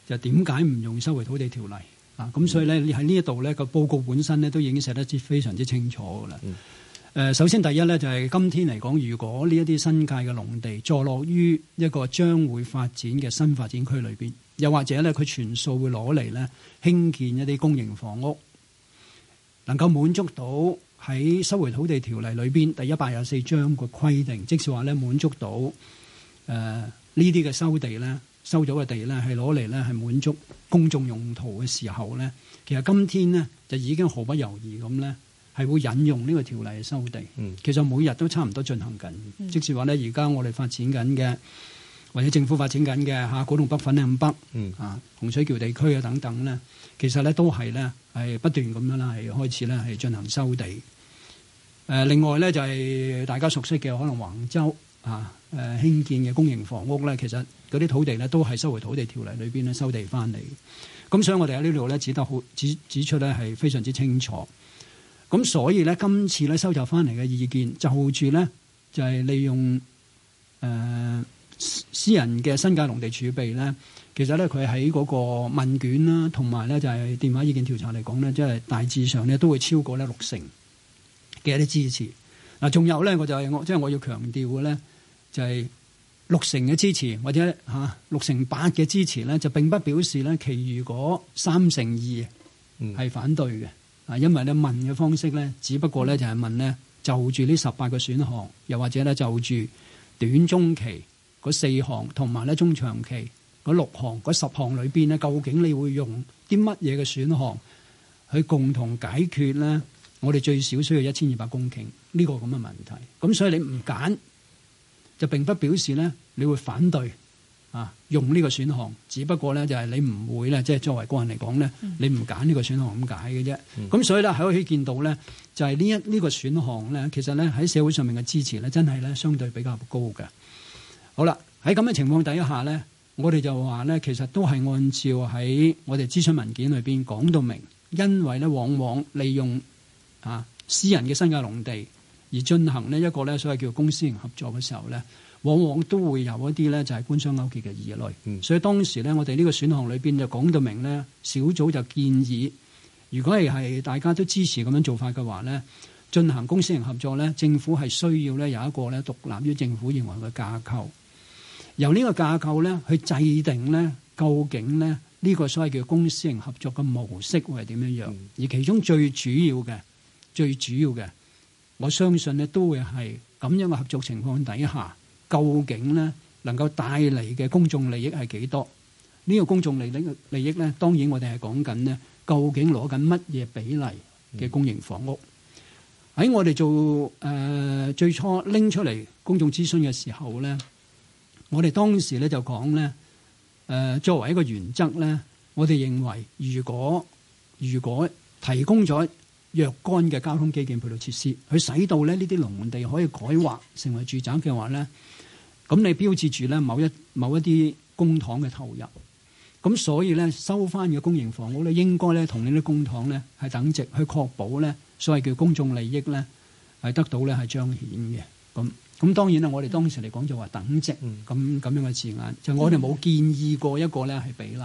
就點解唔用收回土地條例啊？咁所以呢，喺呢一度呢個報告本身呢，都已經寫得之非常之清楚㗎啦。嗯誒，首先第一咧，就係今天嚟講，如果呢一啲新界嘅農地坐落於一個將會發展嘅新發展區裏邊，又或者咧，佢全數會攞嚟咧興建一啲公營房屋，能夠滿足到喺收回土地條例裏邊第一百廿四章嘅規定，即使話咧滿足到誒呢啲嘅收地咧，收咗嘅地咧係攞嚟咧係滿足公眾用途嘅時候咧，其實今天呢，就已經毫不猶豫咁咧。係會引用呢個條例的收地，其實每日都差唔多進行緊，嗯。即係話咧，而家我哋發展緊嘅，或者政府發展緊嘅吓，古、啊、洞北粉、嶺北啊、洪水橋地區啊等等咧，其實咧都係咧係不斷咁樣啦，係開始咧係進行收地。誒、呃，另外咧就係、是、大家熟悉嘅可能橫洲啊，誒、啊啊、興建嘅公營房屋咧，其實嗰啲土地咧都係收回土地條例裏邊咧收地返嚟。咁所以我哋喺呢度咧指得好指指出咧係非常之清楚。咁所以咧，今次咧收集翻嚟嘅意見，就住咧就係、是、利用誒、呃、私人嘅新界農地儲備咧，其實咧佢喺嗰個問卷啦，同埋咧就係電話意見調查嚟講咧，即、就、係、是、大致上咧都會超過咧六成嘅一啲支持。嗱，仲有咧，我就係我即係我要強調嘅咧，就係六成嘅支持或者六成八嘅支持咧，就並不表示咧，其餘嗰三成二係反對嘅。嗯啊，因為咧問嘅方式咧，只不過咧就係問咧就住呢十八個選項，又或者咧就住短中期嗰四項，同埋咧中長期嗰六項嗰十項裏邊咧，究竟你會用啲乜嘢嘅選項去共同解決咧？我哋最少需要一千二百公頃呢個咁嘅問題。咁所以你唔揀就並不表示咧，你會反對。啊！用呢個選項，只不過咧就係你唔會咧，即、就、係、是、作為個人嚟講咧，你唔揀呢個選項咁解嘅啫。咁、嗯、所以咧喺我見到咧，就係、是、呢一呢、呢個選項咧，其實咧喺社會上面嘅支持咧，真係咧相對比較高嘅。好啦，喺咁嘅情況底下咧，我哋就話咧，其實都係按照喺我哋諮詢文件裏邊講到明，因為咧往往利用啊私人嘅新界農地而進行呢一個咧所謂叫公私營合作嘅時候咧。往往都會有一啲咧，就係官商勾結嘅疑慮。所以當時咧，我哋呢個選項裏邊就講到明咧，小組就建議，如果係係大家都支持咁樣做法嘅話咧，進行公私營合作咧，政府係需要咧有一個咧獨立於政府認為嘅架構，由呢個架構咧去制定咧，究竟咧呢個所謂叫公私營合作嘅模式會係點樣樣，嗯？而其中最主要嘅、最主要嘅，我相信咧都會係咁樣嘅合作情況底下。究竟咧能夠帶嚟嘅公眾利益係幾多？呢個公眾利益利益咧，當然我哋係講緊呢，究竟攞緊乜嘢比例嘅公營房屋？喺、嗯、我哋做誒、呃、最初拎出嚟公眾諮詢嘅時候咧，我哋當時咧就講咧，誒、呃、作為一個原則咧，我哋認為如果如果提供咗若干嘅交通基建配套設施，佢使到咧呢啲農地可以改劃成為住宅嘅話咧。咁你標誌住咧某一某一啲公帑嘅投入，咁所以咧收翻嘅公營房屋咧，應該咧同呢啲公帑咧係等值，去確保咧所謂叫公眾利益咧係得到咧係彰顯嘅。咁咁當然咧，我哋當時嚟講就話等值，咁、嗯、咁樣嘅字眼，就是、我哋冇建議過一個咧係比例。誒、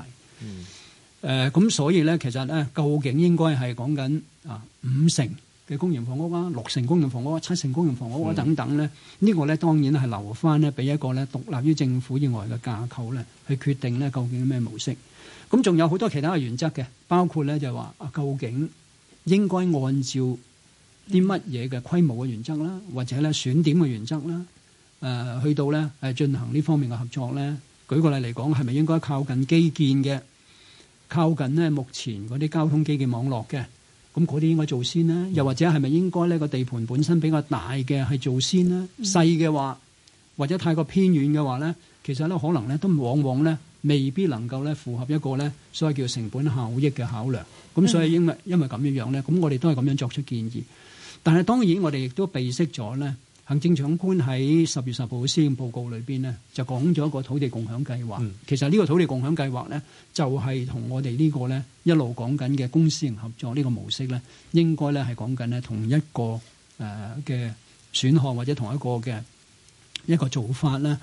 嗯，咁、呃、所以咧，其實咧，究竟應該係講緊啊五成？嘅公營房屋啊，六成公營房屋啊，七成公營房屋啊等等咧，呢、嗯呢個咧當然係留翻咧俾一個咧獨立於政府以外嘅架構咧去決定咧究竟咩模式。咁仲有好多其他嘅原則嘅，包括咧就係話啊，究竟應該按照啲乜嘢嘅規模嘅原則啦，或者咧選點嘅原則啦，誒去到咧誒進行呢方面嘅合作咧。舉個例嚟講，係咪應該靠近基建嘅，靠近呢目前嗰啲交通基建網絡嘅？咁嗰啲應該做先啦，又或者係咪應該呢個地盤本身比較大嘅係做先啦，細嘅話或者太過偏遠嘅話咧，其實咧可能咧都往往咧未必能夠咧符合一個咧所謂叫成本效益嘅考量，咁所以因為因為咁樣樣咧，咁我哋都係咁樣作出建議，但係當然我哋亦都避識咗咧。行政長官喺十月十號嘅施政報告裏邊咧，就講咗一個土地共享計劃。其實呢個土地共享計劃咧，就係同我哋呢個咧一路講緊嘅公私營合作呢個模式咧，應該咧係講緊咧同一個誒嘅選項或者同一個嘅一個做法啦。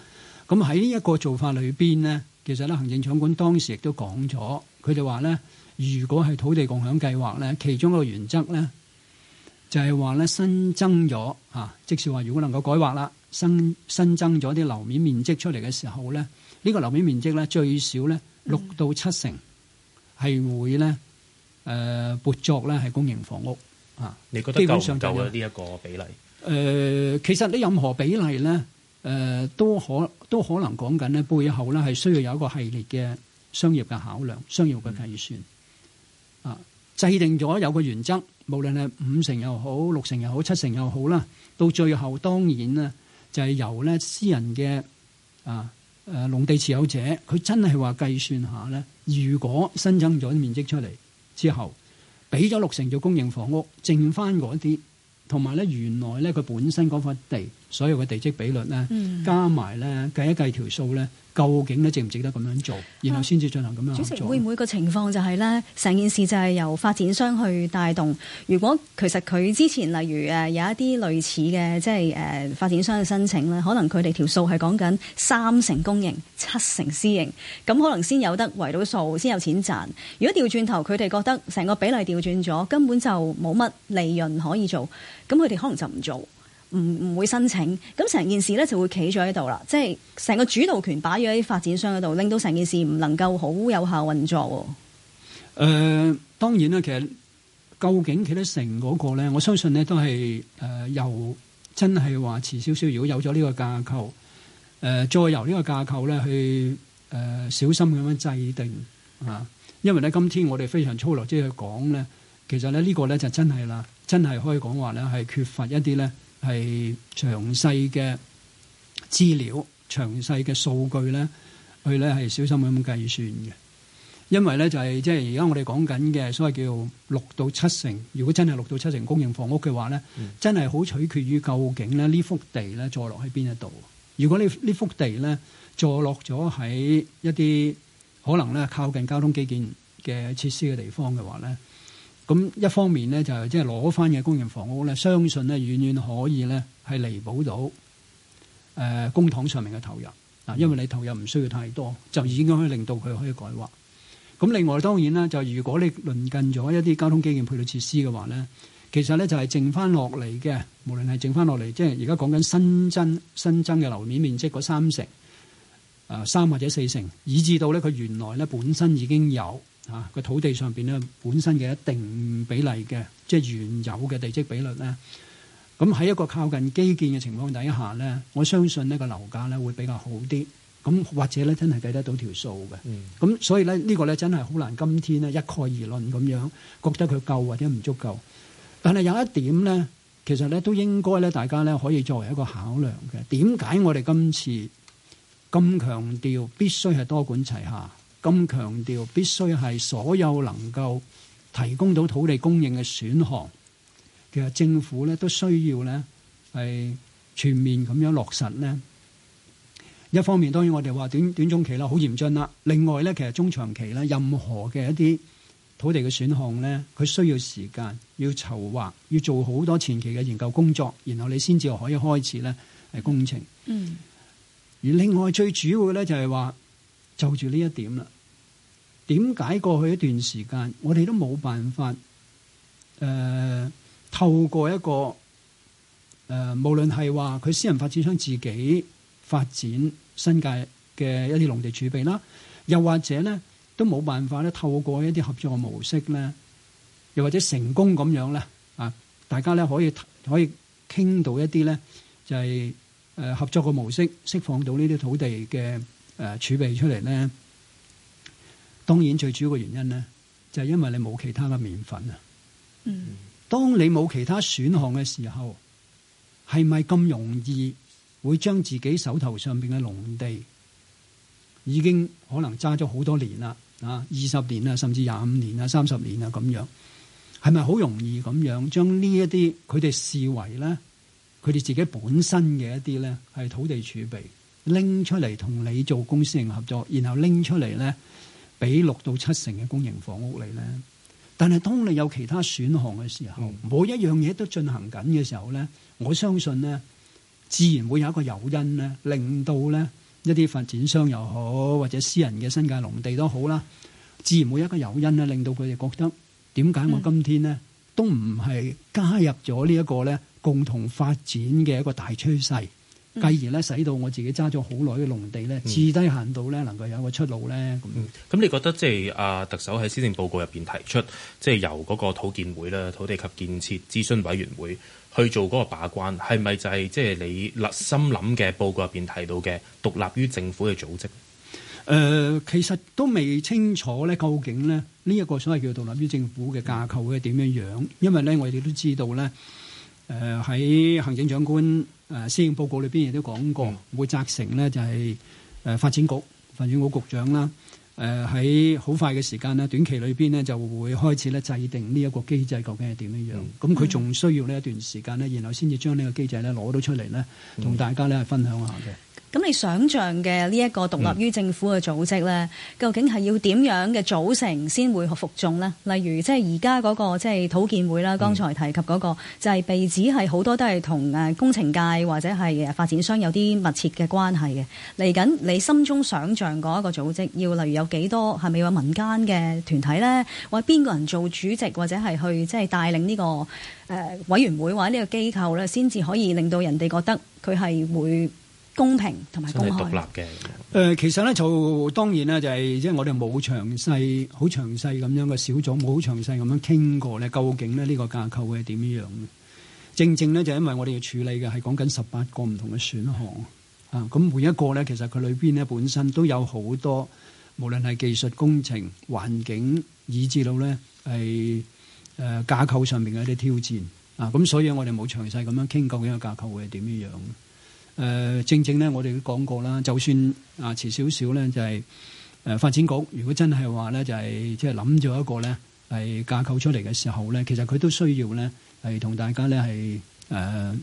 咁喺呢一個做法裏邊咧，其實咧行政長官當時亦都講咗，佢就話咧，如果係土地共享計劃咧，其中一個原則咧，就係話咧新增咗吓，即係話如果能夠改劃啦，增新增咗啲樓面面積出嚟嘅時候咧，呢、呢個樓面面積咧最少咧六到七成係會咧誒撥作咧係公營房屋啊。你覺得夠唔夠咧？呢一個比例？誒、就係呃，其實你任何比例咧，誒、呃、都可都可能講緊咧，背後咧係需要有一個系列嘅商業嘅考量、商業嘅計算。嗯制定咗有個原則，無論係五成又好、六成又好、七成又好啦，到最後當然咧就係由咧私人嘅啊農地持有者，佢真係話計算下咧，如果新增咗啲面積出嚟之後，俾咗六成做供應房屋，剩翻嗰啲同埋咧原來咧佢本身嗰塊地。所有嘅地積比率咧，加埋咧，計一計條數咧，究竟咧值唔值得咁樣做，然後先至進行咁樣合作、啊、主席會唔會個情況就係、是、咧，成件事就係由發展商去帶動？如果其實佢之前例如誒有一啲類似嘅，即係誒發展商嘅申請咧，可能佢哋條數係講緊三成公營、七成私營，咁可能先有得圍到數，先有錢賺。如果調轉頭，佢哋覺得成個比例調轉咗，根本就冇乜利潤可以做，咁佢哋可能就唔做。唔唔會申請，咁成件事咧，就會企咗喺度啦。即係成個主導權擺咗喺發展商嗰度，令到成件事唔能夠好有效運作、哦。誒、呃，當然啦，其實究竟佢都成嗰個咧，我相信呢都係誒由真係話遲少少。如果有咗呢個架構，誒、呃、再由呢個架構咧去誒、呃、小心咁樣制定啊。因為呢，今天我哋非常粗略即係去講咧，其實咧呢、呢個咧就真係啦，真係可以講話咧係缺乏一啲咧。係詳細嘅資料、詳細嘅數據咧，佢咧係小心咁計算嘅。因為咧就係即係而家我哋講緊嘅所謂叫六到七成，如果真係六到七成公營房屋嘅話咧、嗯，真係好取決於究竟咧呢幅地咧坐落喺邊一度。如果呢呢幅地咧坐落咗喺一啲可能咧靠近交通基建嘅設施嘅地方嘅話咧。咁一方面呢，就即係攞翻嘅公營房屋咧，相信呢，遠遠可以呢，係彌補到公帑、呃、上面嘅投入。因為你投入唔需要太多，就已經可以令到佢可以改劃。咁另外當然啦，就如果你鄰近咗一啲交通基建配套設施嘅話呢，其實呢，就係、是、剩翻落嚟嘅，無論係剩翻落嚟，即係而家講緊新增新增嘅樓面面積嗰三成、呃，三或者四成，以至到呢，佢原來呢本身已經有。嚇個土地上邊咧，本身嘅一定比例嘅，即係原有嘅地積比率咧。咁喺一個靠近基建嘅情況底下咧，我相信呢個樓價咧會比較好啲。咁或者咧真係計得到條數嘅。咁、嗯、所以咧呢個咧真係好難，今天咧一概而論咁樣覺得佢夠或者唔足夠。但係有一點咧，其實咧都應該咧，大家咧可以作為一個考量嘅。點解我哋今次咁強調必須係多管齊下？咁強調必須係所有能夠提供到土地供應嘅選項，其實政府咧都需要咧係全面咁樣落實咧。一方面當然我哋話短短中期啦，好嚴峻啦。另外咧其實中長期咧，任何嘅一啲土地嘅選項咧，佢需要時間，要籌劃，要做好多前期嘅研究工作，然後你先至可以開始咧係工程。嗯。而另外最主要嘅咧就係話。就住呢一點啦。點解過去一段時間，我哋都冇辦法、呃、透過一個誒、呃，無論係話佢私人發展商自己發展新界嘅一啲農地儲備啦，又或者咧都冇辦法咧透過一啲合作嘅模式咧，又或者成功咁樣咧啊，大家咧可以可以傾到一啲咧、就係，就、呃、係合作嘅模式釋放到呢啲土地嘅。誒、啊、儲備出嚟咧，當然最主要嘅原因咧，就係、是、因為你冇其他嘅麵粉啊。嗯，當你冇其他選項嘅時候，係咪咁容易會將自己手頭上邊嘅農地已經可能揸咗好多年啦啊，二十年啊，甚至廿五年啊，三十年啊咁樣，係咪好容易咁樣將呢一啲佢哋視為咧，佢哋自己本身嘅一啲咧係土地儲備？拎出嚟同你做公私營合作，然後拎出嚟咧，俾六到七成嘅公營房屋你咧。但係當你有其他選項嘅時候，每一樣嘢都進行緊嘅時候咧，我相信咧，自然會有一個誘因咧，令到咧一啲發展商又好，或者私人嘅新界農地都好啦，自然會有一個誘因咧，令到佢哋覺得點解我今天咧都唔係加入咗呢一個咧共同發展嘅一個大趨勢。繼而咧，使到我自己揸咗好耐嘅農地咧，至低限度咧，能夠有一個出路咧。咁、嗯，咁、嗯嗯、你覺得即係、就是、啊，特首喺施政報告入邊提出，即、就、係、是、由嗰個土建會咧、土地及建設諮詢委員會去做嗰個把關，係咪就係即係你立心諗嘅報告入邊提到嘅獨立於政府嘅組織？誒、呃，其實都未清楚咧，究竟咧呢一、這個所謂叫獨立於政府嘅架構係點樣樣，因為咧我哋都知道咧，誒、呃、喺行政長官。誒施政報告裏邊亦都講過，會責成呢就係誒發展局、發展局局長啦，誒喺好快嘅時間咧，短期裏邊呢就會開始咧制定呢一個機制，究竟係點樣樣？咁佢仲需要呢一段時間咧，然後先至將呢個機制咧攞到出嚟呢，同大家呢係分享下嘅。咁你想象嘅呢一個獨立於政府嘅組織呢，嗯、究竟係要點樣嘅組成先會服眾呢？例如即係而家嗰個即係、就是、土建會啦，剛才提及嗰、那個、嗯、就係、是、被指係好多都係同誒工程界或者係發展商有啲密切嘅關係嘅。嚟緊你心中想象嗰一個組織要，要例如有幾多係咪有民間嘅團體呢？或者邊個人做主席或者係去即係帶領呢、這個誒、呃、委員會或者呢個機構呢，先至可以令到人哋覺得佢係會，公平同埋公開、獨立嘅。誒、呃，其實咧就當然啦、就係，就係即係我哋冇詳細、好詳細咁樣嘅小組冇詳細咁樣傾過咧，究竟咧呢個架構係點樣嘅？正正咧就係因為我哋要處理嘅係講緊十八個唔同嘅選項啊，咁每一個咧其實佢裏邊咧本身都有好多，無論係技術、工程、環境，以至到咧係誒架構上邊嘅一啲挑戰啊，咁所以我哋冇詳細咁樣傾究竟個架構係點樣嘅。誒、呃、正正呢，我哋都講過啦。就算啊遲少少呢，就係、是、誒、呃、發展局，如果真係話呢，就係即係諗咗一個呢係架構出嚟嘅時候呢，其實佢都需要呢係同大家呢係、呃、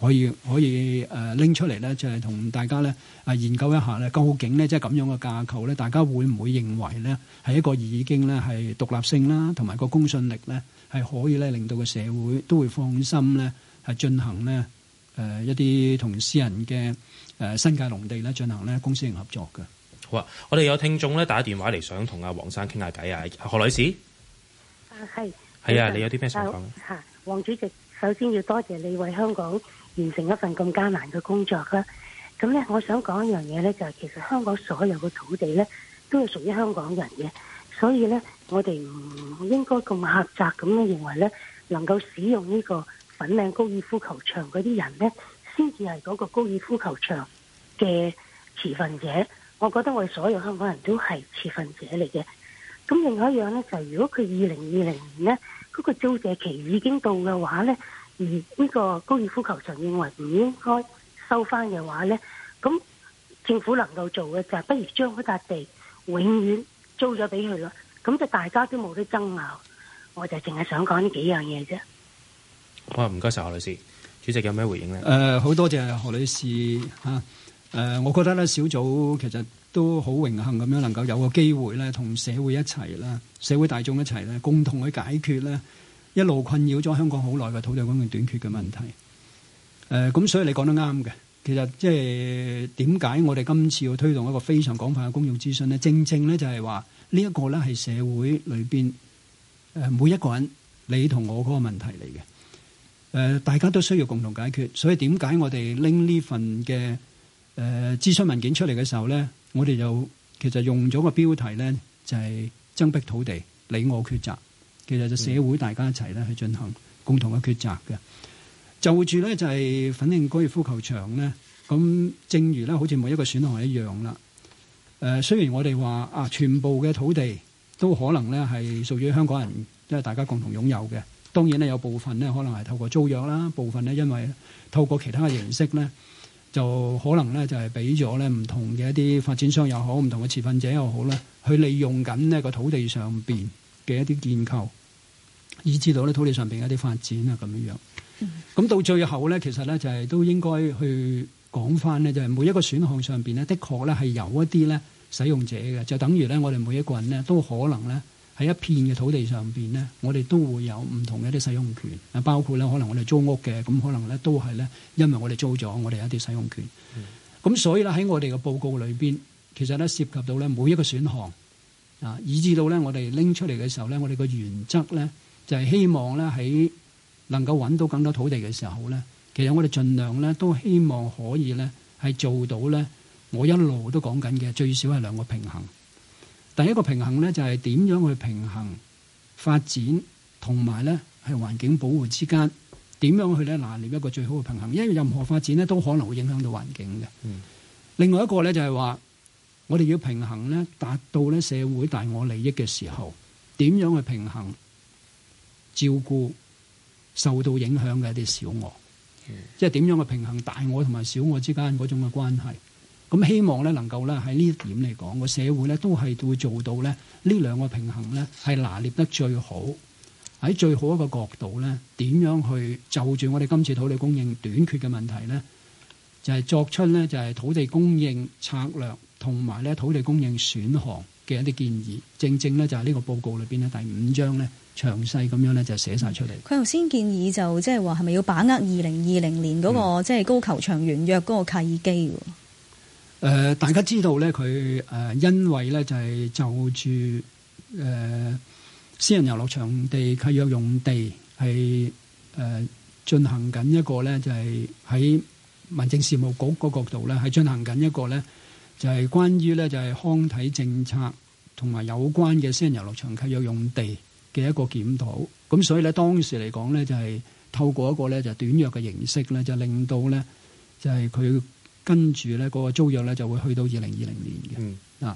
可以可以拎、呃、出嚟呢，就係、是、同大家呢啊研究一下呢，究竟呢即係咁樣嘅架構呢，大家會唔會認為呢係一個已經呢係獨立性啦，同埋個公信力呢係可以呢令到個社會都會放心呢係進行呢。誒一啲同私人嘅誒新界農地咧進行咧公私營合作嘅。好啊，我哋有聽眾咧打電話嚟想同阿黃生傾下偈啊，何女士。啊，係係啊，你有啲咩想講？嚇，黃主席，首先要多謝你為香港完成一份咁艱難嘅工作啦。咁咧，我想講一樣嘢咧，就係其實香港所有嘅土地咧，都係屬於香港人嘅，所以咧，我哋唔應該咁狹窄咁樣認為咧，能夠使用呢個，粉嶺高爾夫球場嗰啲人呢，先至係嗰個高爾夫球場嘅持份者。我覺得我哋所有香港人都係持份者嚟嘅。咁另外一樣呢，就係如果佢二零二零年呢，嗰個租借期已經到嘅話呢，而呢個高爾夫球場認為唔應該收翻嘅話呢，咁政府能夠做嘅就係不如將嗰笪地永遠租咗俾佢咯。咁就大家都冇得爭拗。我就淨係想講呢幾樣嘢啫。我唔該晒何律師，主席有咩回應呢？誒、好、呃、多謝何女士吓。誒、啊呃，我覺得咧小組其實都好榮幸咁樣，能夠有個機會咧，同社會一齊啦，社會大眾一齊咧，共同去解決咧，一路困擾咗香港好耐嘅土地供應短缺嘅問題。誒、呃，咁所以你講得啱嘅。其實即係點解我哋今次要推動一個非常廣泛嘅公眾諮詢呢？正正咧就係話呢一個咧係社會裏邊誒、呃、每一個人你同我嗰個問題嚟嘅。誒、呃，大家都需要共同解決，所以點解我哋拎呢份嘅誒、呃、諮詢文件出嚟嘅時候咧，我哋就其實用咗個標題咧，就係增闢土地，你我抉擇，其實就社會大家一齊咧去進行共同嘅抉擇嘅。就住咧就係粉嶺高爾夫球場咧，咁正如咧好似每一個選項一樣啦。誒、呃，雖然我哋話啊，全部嘅土地都可能咧係屬於香港人，因為大家共同擁有嘅。當然咧，有部分咧，可能係透過租約啦；部分咧，因為透過其他嘅形式呢，就可能呢，就係俾咗呢唔同嘅一啲發展商又好，唔同嘅持份者又好呢去利用緊呢個土地上邊嘅一啲建構，以至到呢土地上邊嘅一啲發展啊咁樣樣。咁、嗯、到最後呢，其實呢，就係都應該去講翻呢，就係、是、每一個選項上邊呢，的確呢，係有一啲呢使用者嘅，就等於呢，我哋每一個人呢，都可能呢。喺一片嘅土地上面，咧，我哋都會有唔同一啲使用權，啊包括咧可能我哋租屋嘅，咁可能咧都係咧，因為我哋租咗，我哋一啲使用權。咁、嗯、所以咧喺我哋嘅報告裏面，其實咧涉及到咧每一個選項，啊以至到咧我哋拎出嚟嘅時候咧，我哋個原則咧就係希望咧喺能夠揾到更多土地嘅時候咧，其實我哋盡量咧都希望可以咧係做到咧，我一路都講緊嘅最少係兩個平衡。第一個平衡咧，就係點樣去平衡發展同埋咧係環境保護之間，點樣去咧拿捏一個最好嘅平衡？因為任何發展咧都可能會影響到環境嘅。嗯。另外一個咧就係話，我哋要平衡咧達到咧社會大我利益嘅時候，點樣去平衡照顧受到影響嘅一啲小我？嗯。即係點樣去平衡大我同埋小我之間嗰種嘅關係？咁希望咧，能夠咧喺呢一點嚟講，個社會咧都係會做到咧呢兩個平衡咧，係拿捏得最好喺最好一個角度咧，點樣去就住我哋今次土地供應短缺嘅問題呢？就係、是、作出呢，就係土地供應策略同埋咧土地供應選項嘅一啲建議。正正咧就係呢個報告裏邊呢第五章呢詳細咁樣咧就寫晒出嚟。佢頭先建議就即係話係咪要把握二零二零年嗰個即係高球場完約嗰個契機。誒、呃、大家知道咧，佢誒、呃、因為咧就係、是、就住誒、呃、私人遊樂場地契約用地係誒、呃、進行緊一個咧就係、是、喺民政事務局個角度咧，係進行緊一個咧就係、是、關於咧就係、是、康體政策同埋有關嘅私人遊樂場契約用地嘅一個檢討。咁所以咧當時嚟講咧就係、是、透過一個咧就短約嘅形式咧，就令到咧就係佢。跟住咧，嗰個租約咧就會去到二零二零年嘅。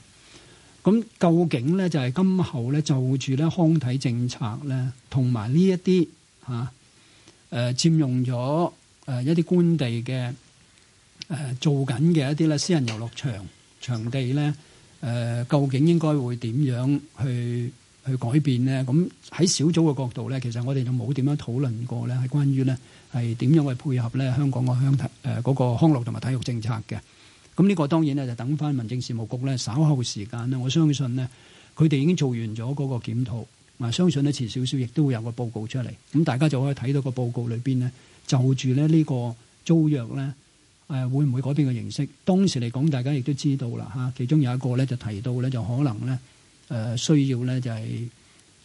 咁、嗯、究竟咧就係今後咧就住咧康體政策咧，同埋呢一啲嚇佔用咗一啲官地嘅、呃、做緊嘅一啲咧私人遊樂場場地咧、呃、究竟應該會點樣去去改變呢，咁喺小組嘅角度咧，其實我哋就冇點樣討論過呢，係關於呢，係點樣去配合呢香港嘅嗰、呃嗰個康樂同埋體育政策嘅。咁呢個當然呢，就等翻民政事務局呢稍後時間。我相信呢，佢哋已經做完咗嗰個檢討，相信呢，遲少少亦都會有個報告出嚟。咁大家就可以睇到個報告裏面呢，就住呢呢個租約呢，誒會唔會改變嘅形式？當時嚟講，大家亦都知道啦。其中有一個咧就提到呢，就可能呢。呃、需要咧就係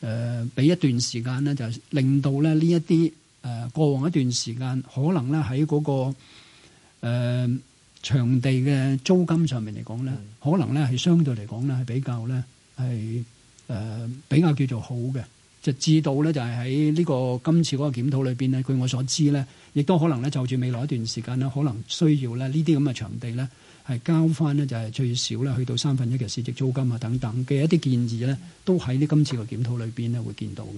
誒俾一段時間咧，就令到咧呢一啲誒過往一段時間可能咧喺嗰個誒、呃、場地嘅租金上面嚟講咧，可能咧係相對嚟講咧係比較咧係比，比，比較叫做好嘅。就知道咧就係喺呢個今次嗰個檢討裏面咧，據我所知咧，亦都可能咧就住未來一段時間咧，可能需要咧呢啲咁嘅場地咧。係交翻呢就係最少咧，去到三分一嘅市值租金啊，等等嘅一啲建議咧，都喺呢今次個檢討裏邊咧會見到嘅。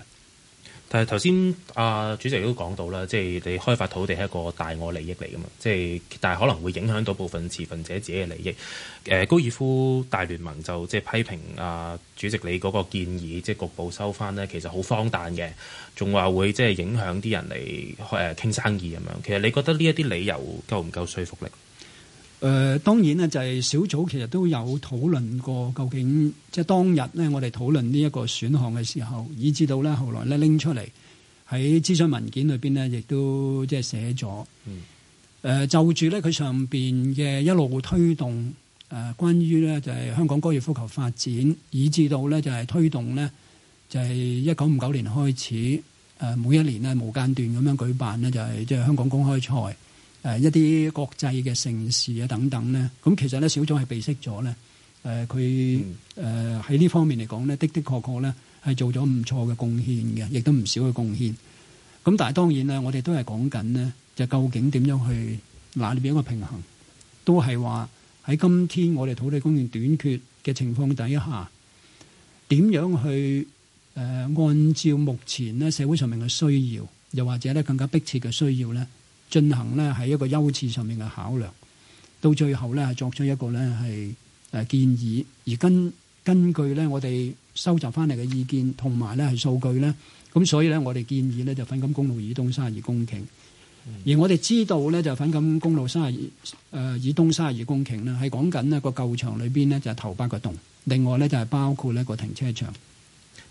但係頭先啊主席都講到啦，即係你開發土地係一個大我利益嚟㗎嘛，即係但係可能會影響到部分持份者自己嘅利益。誒高爾夫大聯盟就即係批評啊主席你嗰個建議，即係局部收翻呢，其實好荒誕嘅，仲話會即係影響啲人嚟誒傾生意咁樣。其實你覺得呢一啲理由夠唔夠說服力？誒、呃、當然呢就係小組其實都有討論過，究竟即係、就是、當日呢我哋討論呢一個選項嘅時候，以至到呢後來呢拎出嚟喺諮詢文件裏邊亦都即係寫咗。誒、嗯呃、就住呢佢上面嘅一路推動，誒、呃、關於就係香港高爾夫球發展，以至到呢就係推動呢，就係一九五九年開始，呃、每一年呢無間斷咁樣舉辦呢就係即係香港公開賽。誒、呃、一啲國際嘅城市啊等等呢，咁其實呢，小組係備識咗咧，誒佢誒喺呢方面嚟講呢，的的確確呢係做咗唔錯嘅貢獻嘅，亦都唔少嘅貢獻。咁但係當然咧，我哋都係講緊呢，就究竟點樣去拿捏邊一個平衡？都係話喺今天我哋土地供應短缺嘅情況底下，點樣去誒、呃、按照目前呢社會上面嘅需要，又或者呢更加迫切嘅需要呢，進行呢係一個優次上面嘅考量，到最後呢作出一個呢係誒、呃、建議。而根根據呢，我哋收集翻嚟嘅意見同埋呢係數據呢，咁所以呢，我哋建議呢就粉錦公路以東三十二公頃。嗯、而我哋知道呢就粉錦公路三十二誒、呃、以東三十二公頃呢係講緊呢個舊場裏邊呢就係、是、頭八個洞，另外呢，就係、是、包括呢、那個停車場。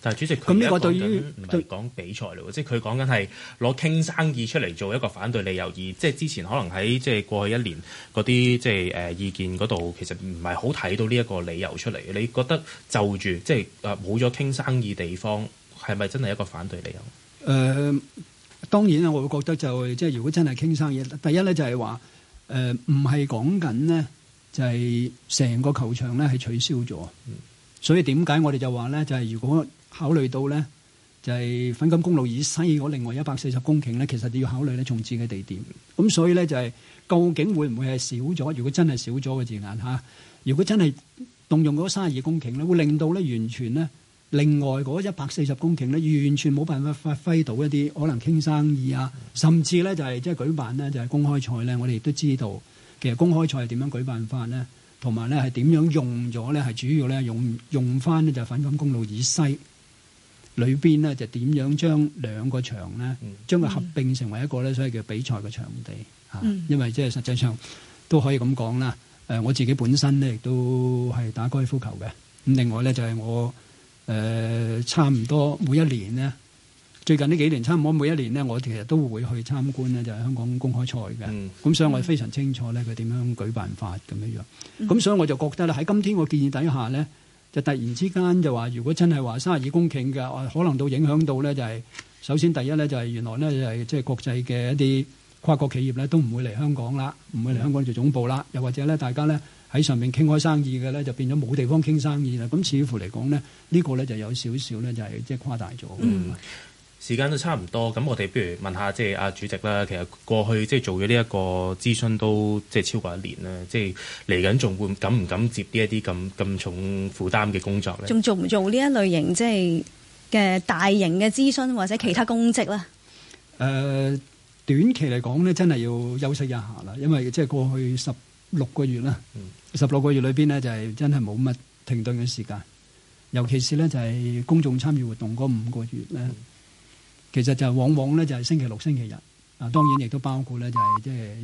但主席，咁呢個對於唔係講比賽嚟喎，即係佢講緊係攞傾生意出嚟做一個反對理由，而即係之前可能喺即係過去一年嗰啲即係誒意見嗰度，其實唔係好睇到呢一個理由出嚟。你覺得就住即係誒冇咗傾生意地方，係咪真係一個反對理由？誒、呃、當然啦，我會覺得就即係如果真係傾生意，第一咧就係話誒唔係講緊呢，就係成個球場咧係取消咗，所以點解我哋就話咧就係如果，考慮到咧，就係粉錦公路以西嗰另外一百四十公頃咧，其實你要考慮咧重置嘅地點。咁所以咧就係究竟會唔會係少咗？如果真係少咗嘅字眼嚇，如果真係動用嗰三十二公頃咧，會令到咧完全呢另外嗰一百四十公頃咧完全冇辦法發揮到一啲可能傾生意啊，甚至咧就係即係舉辦呢，就係公開賽咧。我哋亦都知道其實公開賽係點樣舉辦法咧，同埋咧係點樣用咗咧，係主要咧用用翻呢就係粉錦公路以西。裏邊呢，就點樣將兩個場呢，嗯、將佢合併成為一個呢，所謂叫比賽嘅場地嚇、啊嗯。因為即係實際上都可以咁講啦。誒、呃，我自己本身呢，亦都係打高爾夫球嘅。咁另外呢，就係、是、我誒、呃、差唔多每一年呢，最近呢幾年差唔多每一年呢，我其實都會去參觀呢，就係、是、香港公開賽嘅。咁、嗯、所以我非常清楚呢，佢點樣舉辦法咁樣樣。咁、嗯、所以我就覺得咧，喺今天我建議底下呢。突然之間就話，如果真係話三十二公頃嘅，可能到影響到咧、就是，就係首先第一咧，就係、是、原來咧就係即係國際嘅一啲跨國企業咧，都唔會嚟香港啦，唔會嚟香港做總部啦，又或者咧，大家咧喺上面傾開生意嘅咧，就變咗冇地方傾生意啦。咁似乎嚟講呢，呢、這個咧就有少少咧，就係即係誇大咗。時間都差唔多，咁我哋不如問下，即係阿主席啦。其實過去即係做咗呢一個諮詢，都即係超過一年啦。即係嚟緊仲會敢唔敢接呢一啲咁咁重負擔嘅工作咧？仲做唔做呢一類型即係嘅大型嘅諮詢或者其他公職咧？誒、呃，短期嚟講呢，真係要休息一下啦。因為即係過去十六個月啦，十六個月裏邊呢，就係、是、真係冇乜停頓嘅時間，尤其是呢，就係、是、公眾參與活動嗰五個月咧。嗯其實就是往往咧，就係星期六、星期日啊，當然亦都包括咧，就是，就係即係。